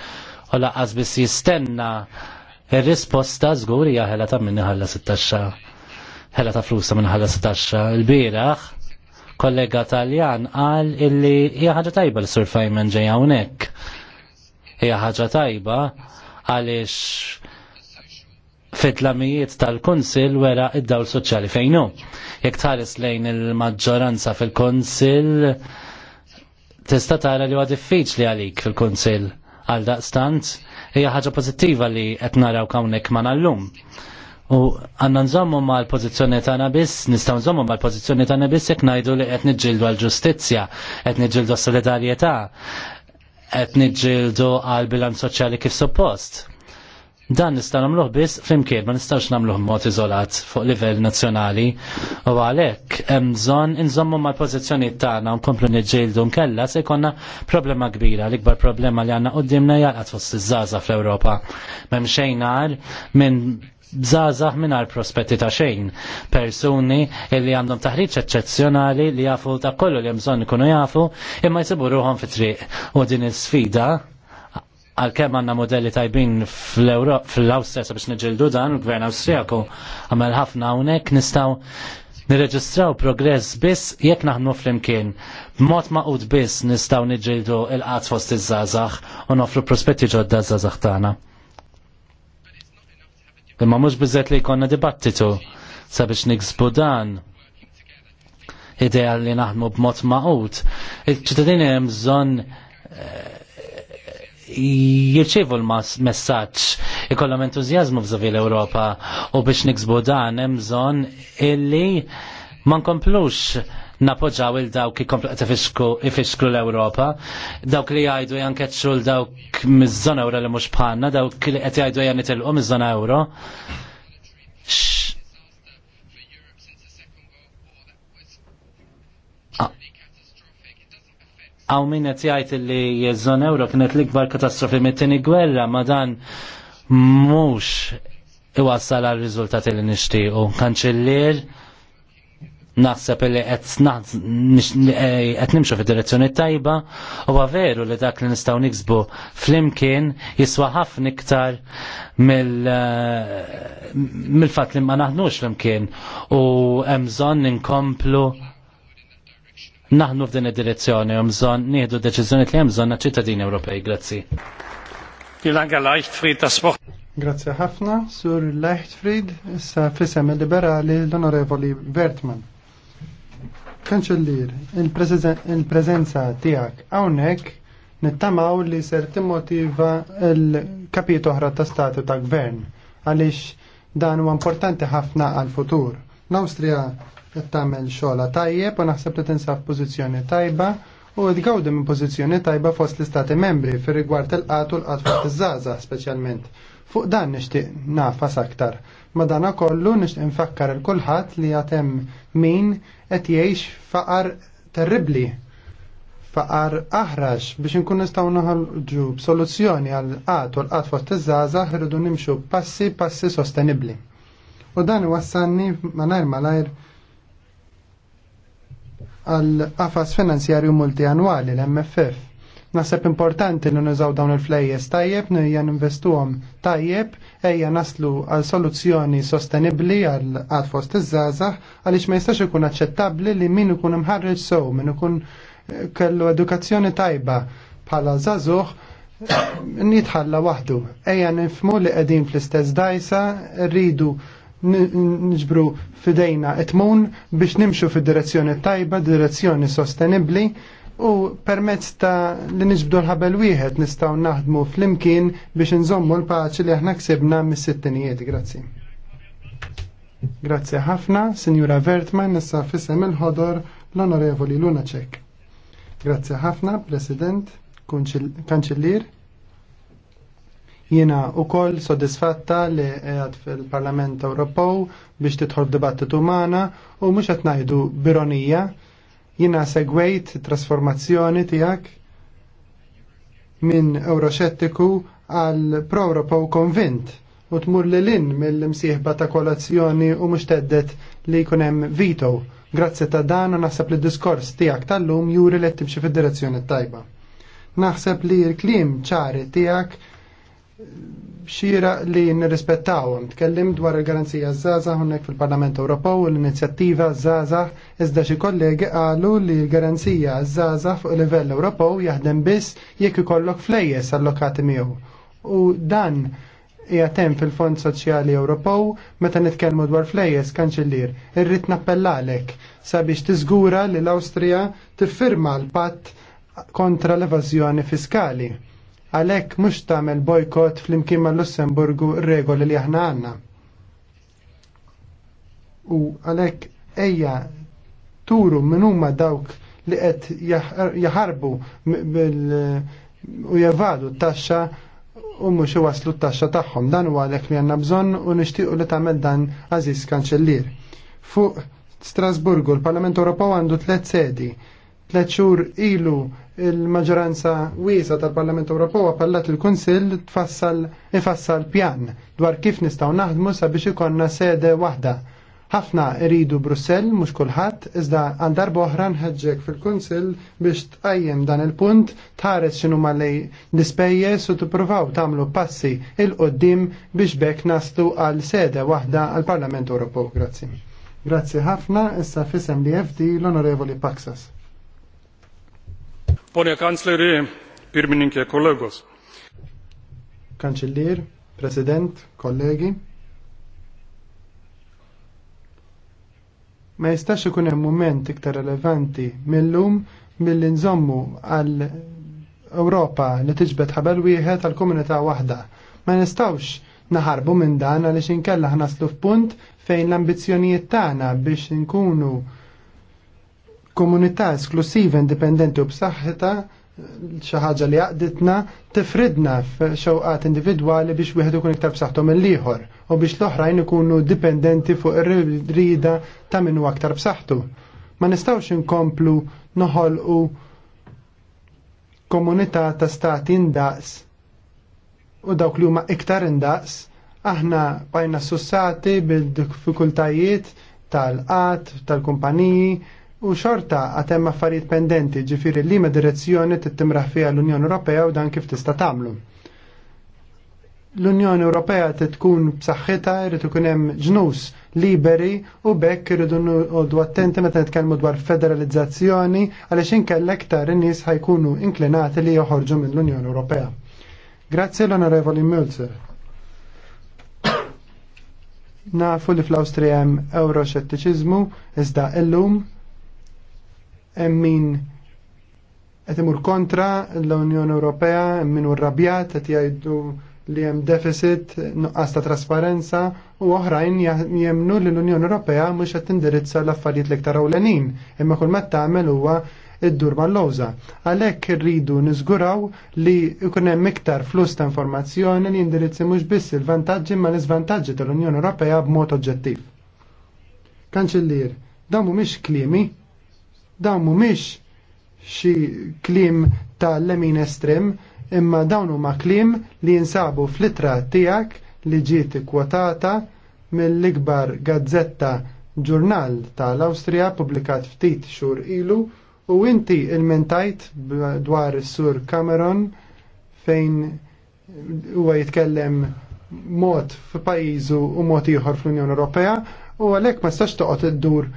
u laqqas biss jistenna ir-risposta żgur hija ħela ta' minħalla 16 ħela ta' flusa minn ħala 16 il-biraħ, kollega taljan qal illi hija ħaġa tajba l-Sur Fajmen ġej hawnhekk. Hija ħaġa tajba għaliex fit tal-Kunsil wera id-dawl soċjali fejnu. Jekk tħares lejn il-maġġoranza fil-Kunsil tista' tara li huwa diffiċli għalik fil-Kunsil għal daqstant hija ħaġa pożittiva li qed naraw hawnhekk ma' nallum. U għanna nżommu ma l-pozizjoni tagħna biss, nistgħu nżommu ma l-pozizjoni tagħna biss jekk ngħidu li qed ġildu għall-ġustizzja, qed ġildu s-solidarjetà, qed ġildu għal bilanċ soċjali kif suppost. Dan nista' nagħmluh biss flimkien ma nistawx namluħ mod iżolat fuq livell nazzjonali u għalhekk hemm bżonn inżommu mal-pożizzjonijiet tagħna nkomplu nġildu nkella se jkollna problema kbira, l-ikbar problema li għandna qudiemna jalqat fost iż-żgħażagħ fl-Ewropa. M'hemm xejnar minn bżazah minar prospetti ta' xejn. Persuni illi għandhom taħriġ eccezzjonali li jafu ta' kollu li jemżon ikunu jafu imma jisibu ruħom fit triq u din is-sfida għal kem għandna modelli tajbin fl-Awstrija sabiex niġildu dan, il-Gvern Awstrijaku għamel ħafna hawnhekk nistgħu nirreġistraw progress biss jekk naħnu flimkien. B'mod maqud biss nistgħu niġildu il-qatt fost iż-żgħażagħ u nofru prospetti ġodda żgħażagħ tagħna. Imma mhux biżet li jkollna dibattitu sabiex niksbu dan idea li naħdmu b'mod maqut. Il-ċittadini hemm bżonn eh, jirċevu l-messaġġ ikollhom entużjażmu f'żavi l-Ewropa u biex niksbu dan hemm bżonn illi ma nkomplux napoġaw il-dawk i qed ifiskru l europa dawk li jgħidu jankeċċu l-dawk miż euro li mhux bħalna, dawk li għet jgħidu jan nitilqu miż-żona Għaw minn għet jgħid li ż euro kienet l-ikbar katastrofi mit-tieni gwerra ma dan mhux iwassal għal rizultati li nixtiequ. Kanċellier naħseb li eh, qed nimxu fid-direzzjoni tajba u veru li dak li nistgħu niksbu flimkien jiswa ħafna iktar eh, mill-fatt li ma naħnux flimkien u hemm bżonn inkomplu naħnu f'din id-direzzjoni u bżonn nieħdu deċiżjoni li hemm bżonn ċittadini Ewropej. Grazzi. Grazie ħafna, Sur Leichtfried, issa fissem liberali l-Onorevoli Bertman. Kanċellir, il-prezenza tiegħek hawnhekk nittamaw li ser timmotiva l kapiet oħra ta' stati ta' gvern għaliex dan huwa importanti ħafna għal-futur. L-Awstrija qed tagħmel xogħla tajjeb u naħseb li tinsab pożizzjoni tajba u tgawdem minn pozizjoni tajba fost l-istati membri fir rigward il-qatu l qatfat iż-żaza speċjalment. Fuq dan nixtieq nafas aktar. Madana kollu nixtieq nfakkar il kulħadd li għatem min qed jgħix faqar terribli faqar aħrax biex nkun nistgħu naħalġu b'soluzzjoni għal qat u l qat fost iż-żgħażagħ irridu nimxu passi passi sostenibbli. U dan iwassalni ma' malajr għal qafas finanzjarju multianwali l-MFF Naħseb importanti li nużaw dawn il-flejjes tajjeb, nija ninvestuhom tajjeb, ejja naslu għal soluzzjoni sostenibbli għal għad fost iż-żgħażagħ għaliex ma jistax ikun aċċettabbli li min ikun imħarreġ sew, min ikun eh, kellu edukazzjoni tajba bħala żagħżugħ eh, nitħalla waħdu. Ejja nifmu li qegħdin fl-istess dajsa, rridu nġbru fidejna etmun biex nimxu fid-direzzjoni tajba, direzzjoni sostenibli u permezz ta' li niġbdu l-ħabel wieħed nistgħu naħdmu flimkien biex nżommu l-paċi li aħna ksebna mis-sittinijiet. Grazzi. Grazzi ħafna, Sinjura Vertman, nissa fissem il-ħodor l-Onorevoli Luna Ċek. Grazzi ħafna, President, Kanċellir. Jiena u koll soddisfatta li għed fil-Parlament Ewropew biex titħol dibattitu maħna u mux għet bironija Jina segwejt trasformazzjoni tijak minn euroxettiku għal pro u konvint u tmur li l-in mill-imsieħba ta' kolazzjoni u muxteddet teddet li jkunem vito. Grazzi ta' dan u naħseb li diskors tijak tal-lum juri li tibxi fid-direzzjoni tajba. Naħseb li l-klim ċari tijak xira li nirrispettawhom. Tkellim dwar il-garanzija Zaza hunnek fil-Parlament Ewropew u l-inizjattiva Zaza iżda xi kollegi qalu li l-garanzija Zaza fuq livell Ewropew jaħdem biss jekk ikollok flejjes allokati miegħu. U dan hija tem fil-Fond Soċjali Ewropew meta nitkellmu dwar flejjes kanċellier. Irrid nappellalek sabiex tiżgura li l-Awstrija tiffirma l-patt kontra l-evażjoni fiskali għalhekk mhux tagħmel bojkot flimkien mal-Lussemburgu regoli li aħna għandna. U għalhekk ejja turu minn huma dawk li qed jaħarbu u jevadu t-taxxa u mhux iwaslu t-taxxa tagħhom. Dan huwa għalhekk li għandna bżonn u nixtiequ li tagħmel dan Aziz Kanċellier. Fuq Strasburgu, l-Parlament Ewropew għandu tliet sedi. Tliet xhur ilu il maġoranza wiesa tal-Parlament Ewropew appellat il-Kunsill tfassal ifassal pjan dwar kif nistgħu naħdmu sabiex ikonna sede waħda. Ħafna iridu Brussell mhux kulħadd, iżda għal darba oħra nħeġġek fil-Kunsill biex tqajjem dan il-punt tħares x'inhu lej l-ispejjeż u tippruvaw tagħmlu passi il qoddim biex bekk naslu għal sede waħda għall Parlament Ewropew. Grazzi. Grazzi ħafna, issa fisem li FD l-Onorevoli Paxas. Pone kancleri, president, kollegi. Ma jistax ikun hemm mument iktar relevanti millum milli nżommu għal Ewropa li tiġbed ħabel wieħed għal komunità waħda. Ma nistawx naħarbu minn dan għaliex inkella ħnaslu f'punt fejn l-ambizzjonijiet tagħna biex nkunu komunità esklusiva indipendenti u b'saħħita xi ħaġa li għaqditna tifridna f'xewqat individwali biex wieħed ikun iktar b'saħħtu mill-ieħor u biex l-oħrajn ikunu dipendenti fuq ir-rida ta' min huwa aktar b'saħħtu. Ma nistgħux inkomplu noħolqu komunità ta' stati indaqs u dawk li huma iktar indaqs aħna bajna sussati bil-diffikultajiet tal-qat, tal-kumpaniji, U xorta għatem affarijiet pendenti ġifiri li ma direzzjoni timraħ fija l-Unjoni Ewropea u dan kif tista' tagħmlu. L-Unjoni Ewropea tkun b'saħħitha irid ikun hemm ġnus liberi u bekk irridu noqogħdu attenti meta nitkellmu dwar federalizzazzjoni għaliex inkella aktar in-nies ħajkunu inklinati li joħorġu mill-Unjoni Ewropea. Grazzi l-Onorevoli Mülzer. Nafu li fl-Awstrija hemm euroxettiċiżmu iżda illum hemm min qed imur kontra l-Unjoni Ewropea, hemm min urrabjat qed jgħidu li hemm deficit nuqqas ta' trasparenza u oħrajn jemnu li l-Unjoni Ewropea mhux qed tindirizza l-affarijiet l-iktar ewlenin, imma kull ma tagħmel huwa id-dur mal lowża Għalek rridu nizguraw li hemm miktar flus ta' informazzjoni li indirizzi mux biss il-vantagġi ma l-izvantagġi tal-Unjoni Ewropea b'mod oġġettiv. Kanċellier, dan mhumiex klimi, Dawn mhumiex xi klim ta' lemin estrem, imma dawn huma klim li jinsabu fl-itra tiegħek li ġiet kwotata mill-ikbar gazzetta ġurnal tal-Awstrija publikat ftit xhur ilu u inti il-mentajt dwar sur Cameron fejn huwa jitkellem mod f'pajizu u mod ieħor fl-Unjoni Ewropea u għalhekk ma stax toqgħod iddur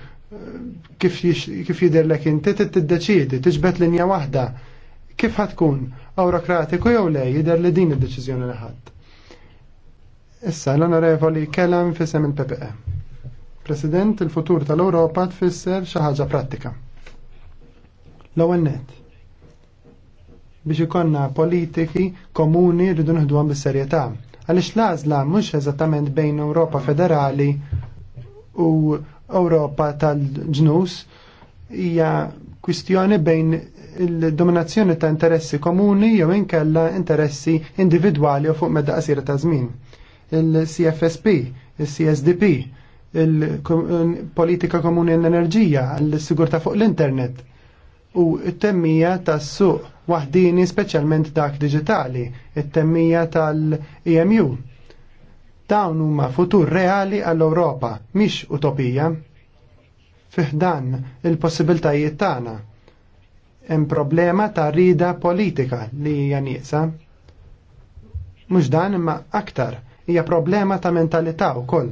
kif jidirlek inti tiddeċidi tiġbed linja waħda kif ħatkun awrokratiku jew le jidher li din id-deċiżjoni li ħadd. Issa l-onorevoli kellam fisem il-PPE. President, il-futur tal-Ewropa tfisser xi ħaġa prattika. L-ewwel net. Biex ikonna politiki komuni rridu nħduhom bis-serjetà. Għaliex l-għażla mhux eżattament bejn Ewropa Federali u Ewropa tal-ġnus hija kwistjoni bejn il-dominazzjoni ta' interessi komuni jew inkella interessi individwali u fuq meda qasira ta' żmien. Il-CFSP, il-CSDP, il-politika komuni l-enerġija, il-sigurta fuq l-internet u it-temmija tas-suq waħdini speċjalment dak digitali, it-temmija tal-EMU Dawn huma futur reali għall-Ewropa, mhix utopija. Fiħdan il-possibiltajiet tagħna. Hemm problema ta' rida politika li hija nieqsa. Mhux dan imma aktar hija problema ta' mentalità wkoll.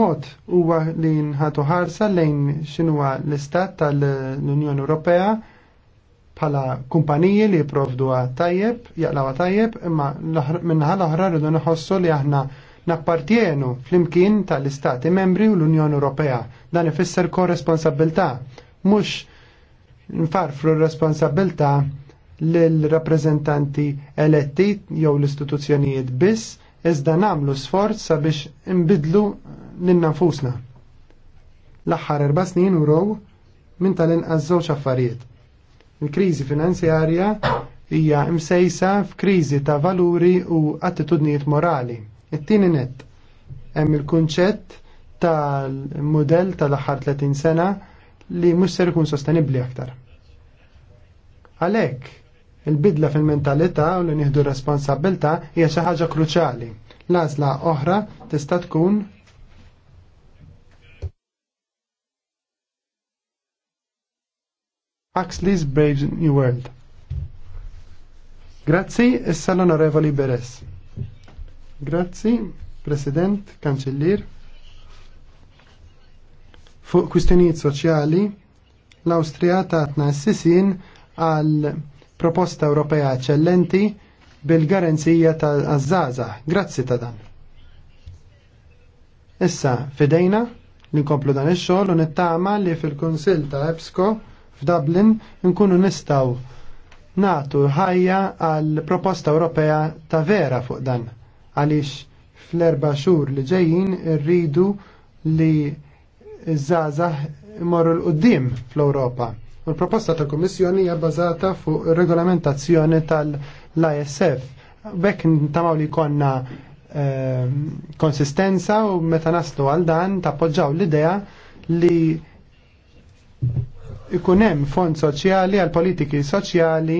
Mod huwa li nħatu ħarsa lejn x'inhuwa l-istat tal-Unjoni Ewropea bħala kumpaniji li jiprovdu tajjeb, jaqlaw tajjeb, imma minnaħa l-oħra rridu nħossu li aħna nappartienu fl-imkien tal-Istati membri u l-Unjoni Ewropea. Dan ifisser korresponsabilità, mhux nfarfru r-responsabilità l-rappresentanti eletti jew l-istituzzjonijiet biss, iżda namlu sforz sabiex imbidlu ninna nafusna L-aħħar erba' snin u row minn tal-inqas żewġ affarijiet. Il-kriżi finanzjarja hija msejsa f'kriżi ta' valuri u attitudnijiet morali. It-tieni net hemm il-kunċett tal-modell tal-aħħar 30 sena li mhux ser ikun sostenibbli aktar. Għalhekk il-bidla fil-mentalità u li nieħdu responsabilta hija xi ħaġa kruċjali. L-għażla oħra tista' tkun Axlis Brave New World. Grazzi, issa l-onorevoli Beres. Grazzi, President, Kanċellir. Fuq kwistjonijiet soċjali, l-Awstrija tatna s-sisin għal proposta Ewropea eccellenti bil-garanzija ta' azzaza. Grazzi ta' dan. Issa, fidejna, l-inkomplu dan ix-xogħol u li fil-Kunsill ta' EBSCO f'Dublin nkunu nistaw natu ħajja għal proposta Ewropea ta' vera fuq dan għaliex fl-erba xhur li ġejjin rridu li żgħażagħ morru l-qoddim fl-Ewropa. U l-proposta tal kummissjoni hija bbażata fuq regolamentazzjoni tal-ISF. Bekk ntamaw li konna ehm, konsistenza u meta naslu għal dan tappoġġaw l-idea li ikun hemm fond soċjali għal politiki soċjali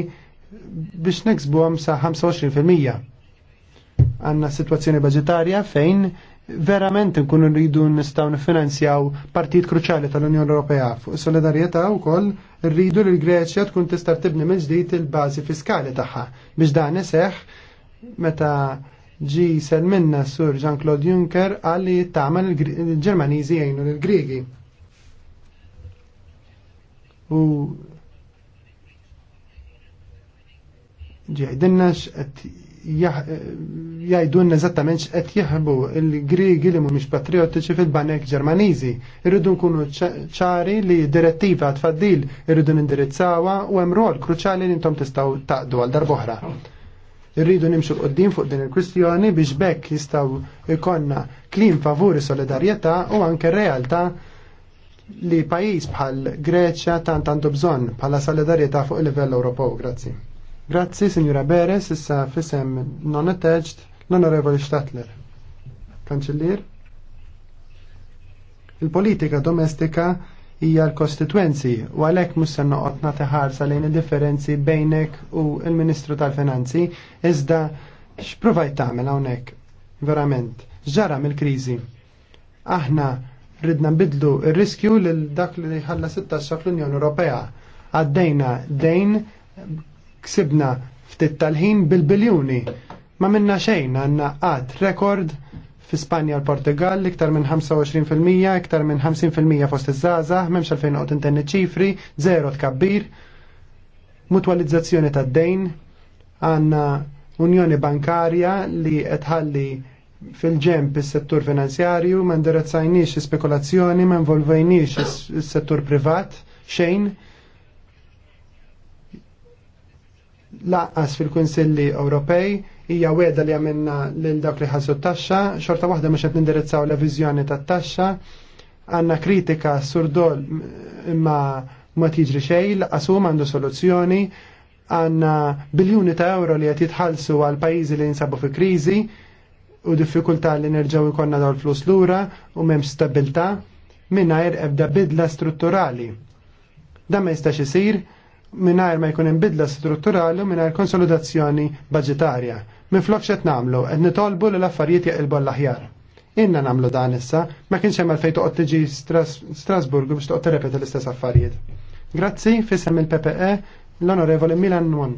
biex għam sa 25%. Għanna situazzjoni budgetarja fejn verament nkunu rridu nistgħu nifinanzjaw partit kruċali tal-Unjoni Ewropea fuq solidarjetà wkoll rridu li l-Greċja tkun tista' tibni minn ġdid il-bażi fiskali tagħha biex dan iseħħ meta ġi sel minna sur Jean-Claude Juncker għalli tagħmel il-Ġermaniżi jgħinu lill-Griegi u ġejdinna x'qed jajdunna eżattament x'qed jaħbu il grigi li mhumiex patriotiċi fil-banek Ġermaniżi. Irridu nkunu ċari li direttiva tfaddil irridu indirizzawa u hemm rol kruċali li intom tistgħu taqdu għal darb'oħra. Irridu nimxu l-qoddim fuq din il-kwistjoni biex bekk jistgħu ikonna klim favuri solidarjetà u anke realtà li pajis bħal Greċja tant għandu bżonn bħala solidarjetà fuq il-livell Ewropew. Grazzi. Grazzi, Sinjura Beres, issa fisem non attached l-Onorevoli Statler. Kanċellier? Il-politika domestika hija l-kostituenzi u għalhekk mhux se noqgħod nagħti ħarsa lejn id-differenzi bejnek u l-Ministru tal-Finanzi iżda x'provajt tagħmel hawnhekk verament ġara mill-kriżi. Aħna ridna nbidlu il riskju lil dak li ħalla 16 fl-Unjoni Ewropea. Għaddejna dejn ksibna ftit tal-ħin bil-biljuni. Ma minna xejn għandna għad rekord fi Spanja u Portugal iktar minn 25%, iktar minn 50% fost iż-żaza, memx għalfejn qod intenni ċifri, zero tkabbir, mutwalizzazzjoni tad-dejn, għandna unjoni bankarja li qed ħalli fil-ġemp is-settur finanzjarju, ma ndirezzajniex spekulazzjoni, ma involvajnix is-settur privat xejn. Laqqas fil-Kunsilli Ewropej hija weda li għamilna lil dawk li ħassu t-taxxa, xorta waħda mhux qed nindirizzaw la viżjoni tat-taxxa. Għandna kritika surdol imma ma tiġri xejn, laqqas huma għandu soluzzjoni, għandna biljuni ta' euro li qed jitħallsu għal pajjiżi li jinsabu fi kriżi, u diffikultà li nerġaw ikonna daw l-flus lura u mem stabilta minnajr ebda bidla strutturali. Da ma jistax isir minnajr ma jkun bidla strutturali u minnajr konsolidazzjoni budgetarja. Minn flok xet namlu, ed nitolbu li l-affarijiet jaqilbu l-aħjar. Inna namlu dan issa, ma kienx hemm għalfejn toqgħod tiġi Strasburgu biex toqgħod terrepeta l-istess affarijiet. Grazzi, fissem il-PPE, l-Onorevole Milan Nun.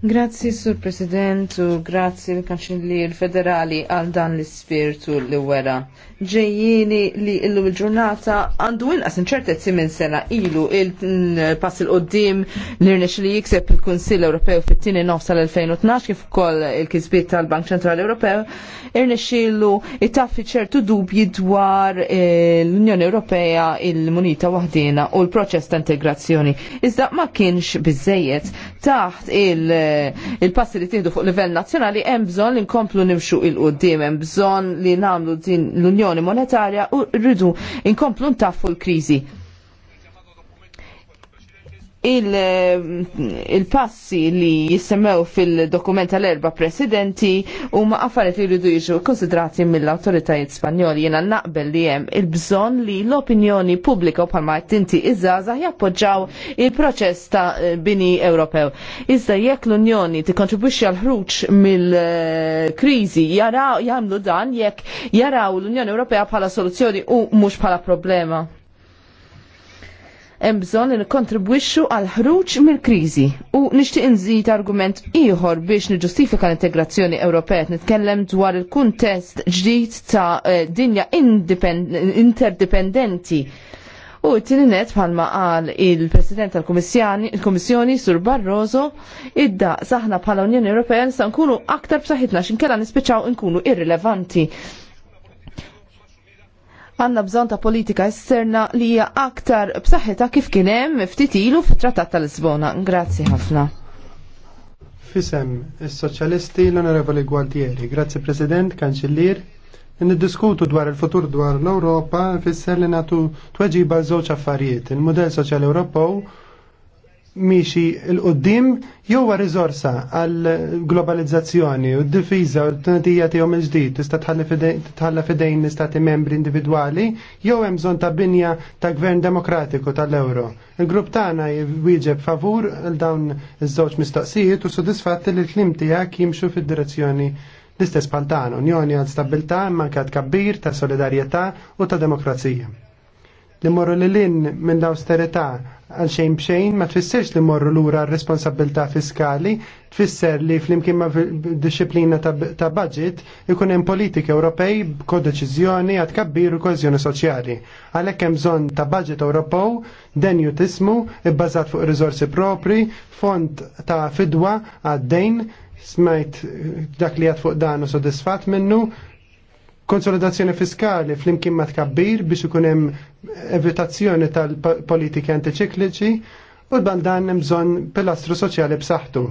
Grazzi, Sur President, u grazzi l-Kanċellier Federali għal dan l-ispirtu li wera. Ġejjini li illu l-ġurnata għandu inqas inċertezzi minn sena ilu il-pass il-qoddim li irnex li jikseb il-Kunsill Ewropew fit-tieni nofs tal-2012 kif ukoll il-kisbiet tal-Bank Ċentrali Ewropew irnex ilu itaffi ċertu dubji dwar eh, l-Unjoni Ewropea il-Munita Wahdina u l-proċess ta' integrazzjoni. Iżda ma kienx biżejjed taħt il-passi li tieħdu fuq livell nazzjonali hemm bżonn li nkomplu nimxu il qudiem hemm bżonn li nagħmlu din l-Unjoni Monetarja u rridu nkomplu ntaffu l-kriżi il-passi il li jissemmew fil-dokument tal-erba presidenti u ma għaffariet li rridu jiġu konsidrati mill-autoritajiet spanjoli jena naqbel li jem il-bżon li l-opinjoni pubblika u palma tinti iż-żaza jappoġġaw il-proċess ta' bini Ewropew. Iżda jekk l-Unjoni tikkontribwixxi għal ħruġ mill-kriżi jaraw jagħmlu dan jekk jaraw l-Unjoni Ewropea bħala soluzzjoni u mhux bħala problema hemm bżonn li nikkontribwixxu għal ħruġ mill-kriżi. U nixtieq inżid argument ieħor biex niġġustifika l-integrazzjoni Ewropea nitkellem dwar il-kuntest ġdid ta' eh, dinja interdipendenti. U t tininet bħalma palma għal il-President tal-Komissjoni, Sur Barroso, idda saħna bħala Unjoni Ewropea nista' nkunu aktar b'saħħitna x'inkella nispiċċaw nkunu irrilevanti għanna bżon ta' politika esterna li hija aktar b'saħħitha kif kien hemm ftit ilu fit-Trattat tal-Lisbona. Grazzi ħafna. Fisem, is-Soċjalisti l-Onorevoli Gualtieri, grazzi President, Kanċillier, Niddiskutu dwar il-futur dwar l-Europa fisser li natu tweġiba żewġ affarijiet, il mudell soċjali Ewropew miexi l-qoddim jew rizorsa għal globalizzazzjoni u d difiza u t-tnatija tiegħu mill-ġdid tista' tħalla fidejn l-istati membri individwali jew hemm bżonn ta' binja ta' gvern demokratiku tal-euro. Il-grupp tagħna jwieġeb favur l dawn iż-żewġ mistoqsijiet u sodisfatt li l-klim tiegħek jimxu fid-direzzjoni l-istess bħal dan Unjoni għal stabilta, manka kabbir, ta' solidarjetà u ta' demokrazija li morru li lin minn l austerità għal xejn bxejn ma tfissirx li morru lura r-responsabilità fiskali, tfisser li flimkien ma disciplina ta' budget ikun hemm politika Ewropej kodeċizjoni għad kabbir u kozjoni soċjali. Għalhekk hemm bżonn ta' budget Ewropew denju tismu ibbażat fuq riżorsi propri, fond ta' fidwa għad-dejn smajt dak li għad fuq dan u sodisfat minnu, konsolidazzjoni fiskali flimkien ma tkabbir biex ikun hemm evitazzjoni tal-politiki antiċikliċi u l-bandan hemm bżonn pilastru soċjali b'saħħtu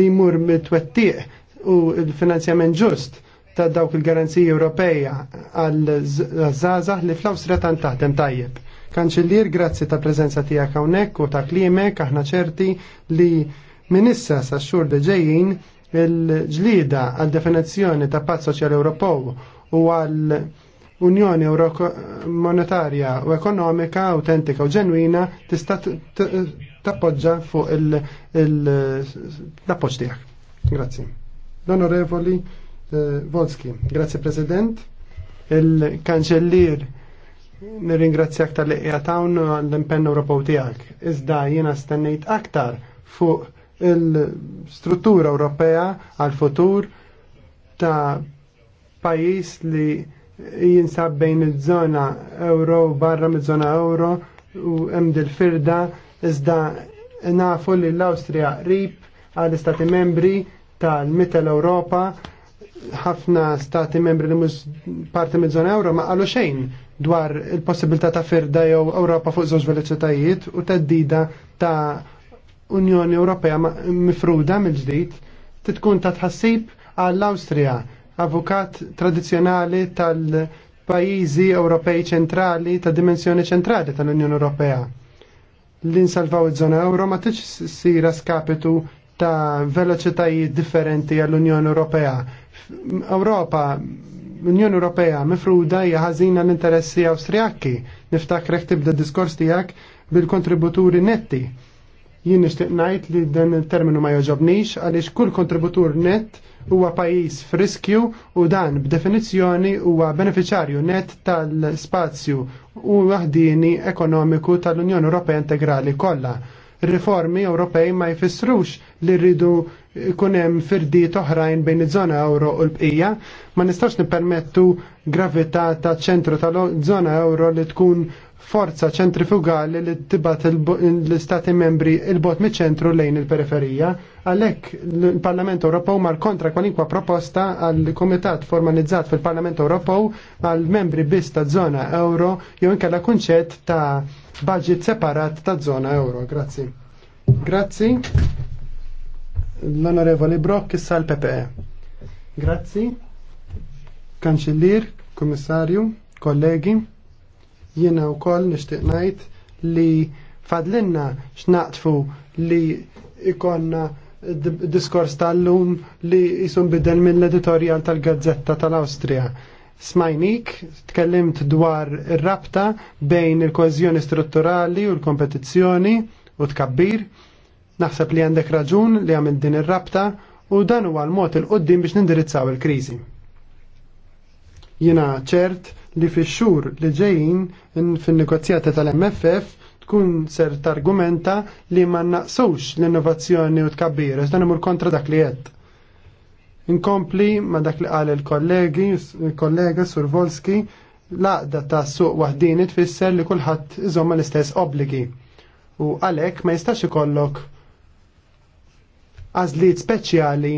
li jmur mit-twettiq u l-finanzjament ġust ta' dawk il-garanziji Ewropeja għal żgħażagħ li fl-Awstrija tant taħdem tajjeb. Kanċellier, grazzi ta' preżenza tiegħek hawnhekk u ta' klimek aħna ċerti li minn issa sa' xhur li ġejjin il-ġlida għal definizzjoni ta' Pazz Soċjali Ewropew u għal Unjoni Monetarja u Ekonomika autentika u ġenwina tista' tappoġġa fuq il appoġġ tiegħek. Grazzi. L-Onorevoli eh, Volski, grazzi President, il-Kanċellier nirringrazzjak tal-liqja tawn l-impenn Ewropew tiegħek. Iżda jiena stennejt aktar fuq il-struttura Ewropea għal-futur ta' pajis li jinsab bejn iż-żona euro u barra mid żona euro u hemm dil-firda iżda nafu li l-Awstrija qrib għal istati membri tal-Mittel Ewropa ħafna stati membri li mhux parti mid zona euro ma għalu xejn dwar il-possibilità ta' firda jew Ewropa fuq żewġ veloċitajiet u teddida ta' Unjoni Ewropea mifruda mill-ġdid titkun ta' tħassib għall-Awstrija avukat tradizjonali tal-pajizi Ewropej ċentrali, ta' dimensjoni ċentrali tal-Unjoni Ewropea. L-insalvaw iż-żona euro ma tiġ sira skapitu ta' veloċitajiet differenti għall-Unjoni Ewropea. Ewropa l-Unjoni Ewropea mifruda hija ħażina l-interessi Awstrijakki. Niftakrek tibda diskors tiegħek bil-kontributuri netti Jien nixtieq ngħid li dan il-terminu ma joġobnix għaliex kull kontributur net huwa pajjiż f'riskju u dan b'definizzjoni huwa beneficjarju net tal-spazju u waħdini ekonomiku tal-Unjoni Ewropea integrali kollha. Riformi Ewropej ma jfissrux li rridu kunem firdi toħrajn bejn iż-żona euro u l-bqija, ma nistax nippermettu gravità ta' ċentru tal-żona euro li tkun forza ċentrifugali li tibat l-istati membri il-bot mi ċentru lejn il-periferija, għalhekk il-Parlament Ewropew mar kontra kwalinkwa proposta għal komitat formalizzat fil-Parlament Ewropew għal membri biss ta' zona euro jew inkella kunċett ta' budget separat ta' zona euro. Grazzi. Grazzi. L-Onorevoli Brock issa l-PPE. Grazzi. Kanċellier, Kommissarju, kollegi. Jiena wkoll nixtieq ngħid li fadlinna x'naqtfu li ikonna diskors tal-lum li jisum bidel mill-editorial tal-Gazzetta tal-Awstrija. Smajnik, tkellimt dwar ir-rabta bejn il-kohezjoni strutturali u l-kompetizzjoni u tkabbir. Naħseb li għandek raġun li għamil din ir-rabta u dan huwa l-mod il-qoddim biex nindirizzaw il-kriżi. Jina ċert li fix-xhur li ġejjin fin-negozjata tal-MFF tkun ser targumenta li ma naqsux l-innovazzjoni u tkabbir, dan imur kontra dak li jett. Inkompli ma dak li qal il-kollegi, il-kollega Sur Volski, laqda ta' suq waħdini tfisser li kulħadd iżomma l-istess obbligi. U għalhekk ma jistax ikollok għażliet speċjali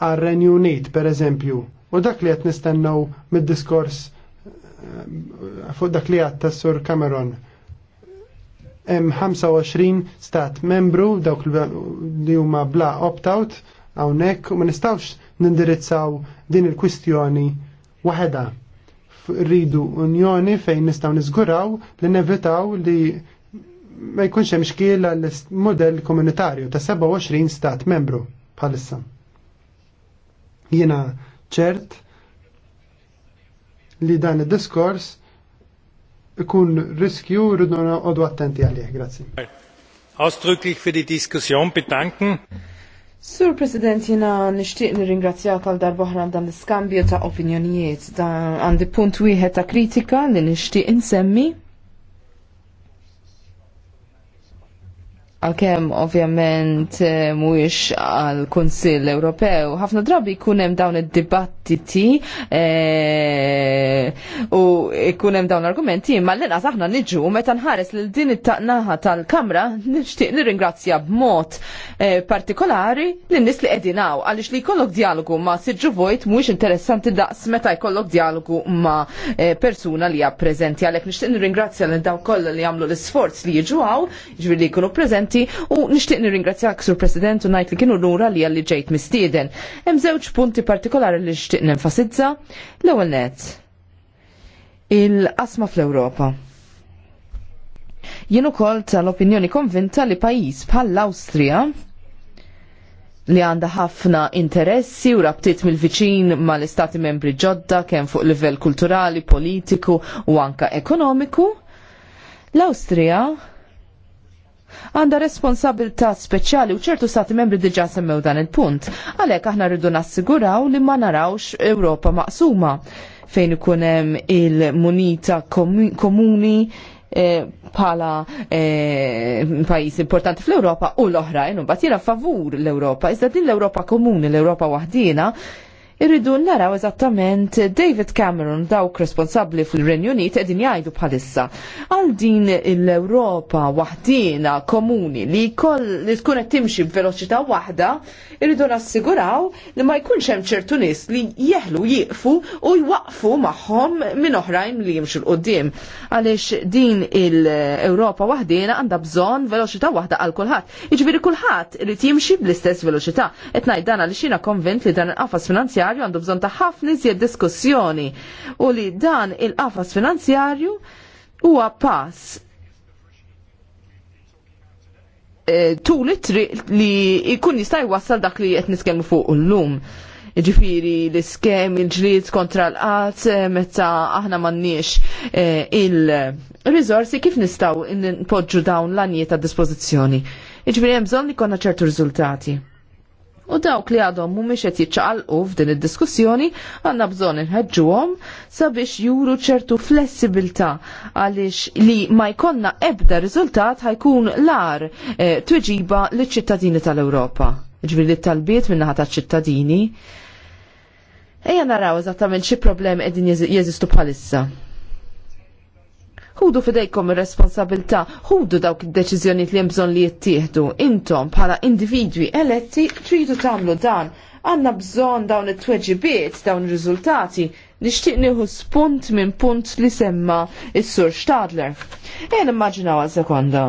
għar-Renju Unit, pereżempju, u dak li qed nistennew mid-diskors fuq dak li għatta sur Cameron hemm 25 stat membru dawk li huma bla opt-out hawnhekk u ma nistgħux nindirizzaw din il-kwistjoni waħedha. Rridu unjoni fejn nistgħu niżguraw li nevitaw li ma jkunx hemm xkiel għall-modell komunitarju ta' 27 stat membru bħalissa. Jiena ċert li dan id-diskors ikun riskju rridu noqogħdu attenti għalih. Grazzi. Ausdrücklich für die Diskussion bedanken. Sur President, jena nishtiq nir ringrazzja tal darbohra dan l-skambju ta' opinjonijiet. Dan għandi punt wieħed ta' kritika li nishtiq insemmi. għalkemm ovvjament eh, mhuwiex għal Kunsill Ewropew, ħafna drabi jkun hemm dawn id-dibattiti eh, u jkun hemm dawn l-argumenti, imma l-inqas aħna niġu meta nħares lil din it-taqnaħa tal-Kamra nixtieq nirringrazzja b'mod eh, partikolari lin-nies li qegħdin hawn għaliex li jkollok dialogu ma' Sirġu Vojt mhuwiex interessanti daqs meta jkollok dialogu ma' persuna li hija preżenti għalhekk nixtieq nirringrazzja lil dawn kollha li jagħmlu l-isforz li jiġu hawn, ġifieri jkunu preżenti importanti u nixtieq nirringrazzjak sur President u ngħid li kienu lura li għalli ġejt mistieden. Hemm żewġ punti partikolari li nixtieq nenfasizza. L-ewwel nett. Il-qasma fl-Ewropa. Jien ukoll tal-opinjoni konvinta li pajjiż bħall-Awstrija li għanda ħafna interessi u rabtiet mill-viċin mal-istati membri ġodda kemm fuq livell kulturali, politiku u anka ekonomiku. L-Awstrija għanda responsabilità speċjali u ċertu stati membri diġa semmew dan il-punt. Għalek aħna rridu nassiguraw li ma narawx Ewropa maqsuma fejn ikunem il-munita komuni pala eh, eh, pajis importanti fl-Europa u l-oħrajn u bat jena favur l-Europa. Iżda din l-Europa komuni, l-Europa wahdina, Irridu naraw eżattament David Cameron dawk responsabbli fil-Renju Unit qegħdin jgħidu bħalissa. Għal din l-Ewropa waħdina komuni li koll li tkun qed timxi b'veloċità waħda, irridu nassiguraw li ma jkunx hemm ċertu nies li jeħlu jieqfu u jwaqfu magħhom minn oħrajn li jimxu l-qudiem. Għaliex din l-Ewropa waħdina għandha bżonn veloċità waħda għal kulħadd. Jiġifieri kulħadd irid jimxi bl-istess veloċità. Qed ngħid dan għaliex jiena konvent li dan il-qafas finanzjar finanzjarju għandu bżon ta' ħafna iżjed diskussjoni u li dan il-qafas finanzjarju huwa pass e, tul it-triq li jkun jista' jwassal dak li qed niskellmu fuq illum ġifiri l-iskem, il-ġlid kontra l-qat, e, meta aħna manniex e, il-rizorsi kif nistaw n-podġu dawn l-għaniet ta' dispozizjoni. Ġifiri jemżon li konna ċertu rizultati. U dawk li għadhom mhumiex qed jiċċaqalqu f'din id-diskussjoni għandna bżonn inħeġġuhom sabiex juru ċertu flessibilità għaliex li ma jkollna ebda riżultat ħajkun lar eh, tweġiba liċ-ċittadini tal-Ewropa. Ġviri li talbiet minnaħa taċ-ċittadini. Ejja naraw eżattament xi problemi qegħdin jeżistu bħalissa. Hudu fidejkom ir-responsabilta, hudu dawk id-deċiżjonijiet li hemm bżonn li jittieħdu. Intom bħala individwi eletti tridu tagħmlu dan. Għandna bżonn dawn it-tweġibiet, dawn ir-riżultati nixtieq nieħu spunt minn punt li semma is-Sur Stadler. Ejn immaġinaw għal sekonda.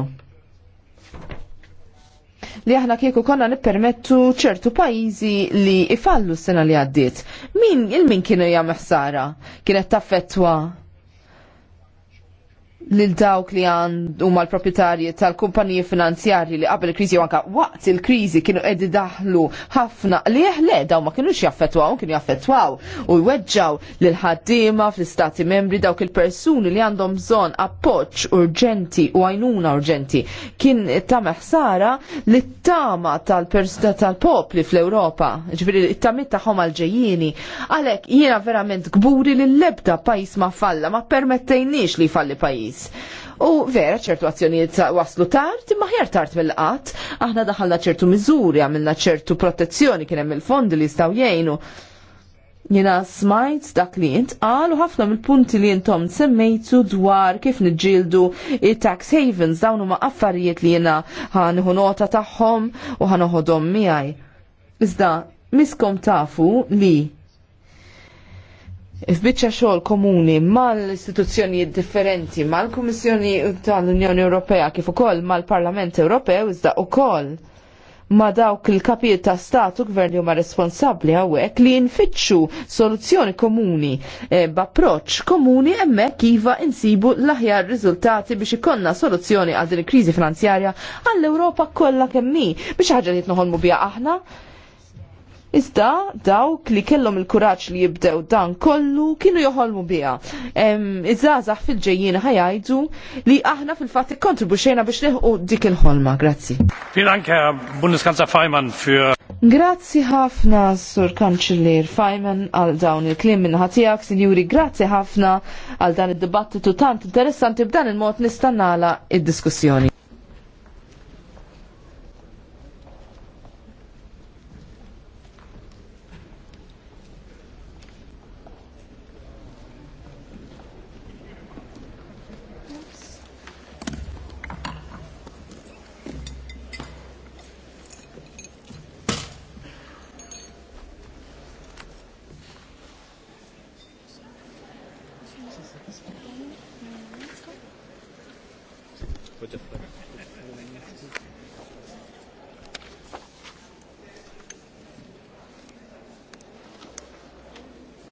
Li aħna kieku konna nippermettu ċertu pajjiżi li ifallu s-sena li għaddiet. Min il-min kienu jgħam ħsara? Kienet taffettwa lil dawk li għandu mal proprjetarji tal-kumpaniji finanzjarji li qabel il-kriżi u anka waqt il-kriżi kienu qed daħlu ħafna li le daw ma kinux jaffettwaw, kienu jaffettwaw u jweġġaw lil ħaddiema fl-istati membri dawk il-persuni li għandhom bżonn appoġġ urġenti u għajnuna urġenti. Kien tama sara li tama tal-popli fl-Ewropa, ġifieri it-tamit tagħhom għal-ġejjieni. Għalhekk jiena verament kburi li l-ebda pajjiż ma falla, ma permettejniex li jfalli pajjiż pajjiż. U vera ċertu azzjonijiet waslu tard, imma ħjar tard mill-qatt, aħna daħalna ċertu miżuri, għamilna ċertu protezzjoni kien hemm il-fondi li jistgħu jgħinu. Jiena smajt dak li jint għalu ħafna mill-punti li jintom semmejtu dwar kif nġildu il-tax havens dawnu ma' affarijiet li jiena ħanħu nota taħħom u ħanħodom miħaj. Iżda, miskom tafu li F'biċċa xogħol komuni mal-istituzzjonijiet differenti, mal-Kummissjoni tal-Unjoni Ewropea kif ukoll mal-Parlament Ewropew iżda ukoll ma dawk il-kapijiet ta' statu gvern li huma responsabbli hawnhekk li nfittxu soluzzjoni komuni e, b'approċċ komuni hemmhekk iva insibu l-aħjar riżultati biex ikollna soluzzjoni għal din il-kriżi finanzjarja għall-Ewropa kollha kemm hi biex ħaġa li tnoħolmu biha aħna Iżda dawk li kellhom il-kuraġġ li jibdew dan kollu kienu joħolmu biha. Iż-żgħażagħ fil-ġejjin ħajajdu li aħna fil-fatt ikkontribuxejna biex neħu dik il-ħolma. Grazzi. für Grazzi ħafna, Sur Kanċiller Feynman, għal dawn il-klim minn tiegħek, Sinjuri, grazzi ħafna għal dan id-dibattitu tant interessanti b'dan il-mod nistannala id-diskussjoni.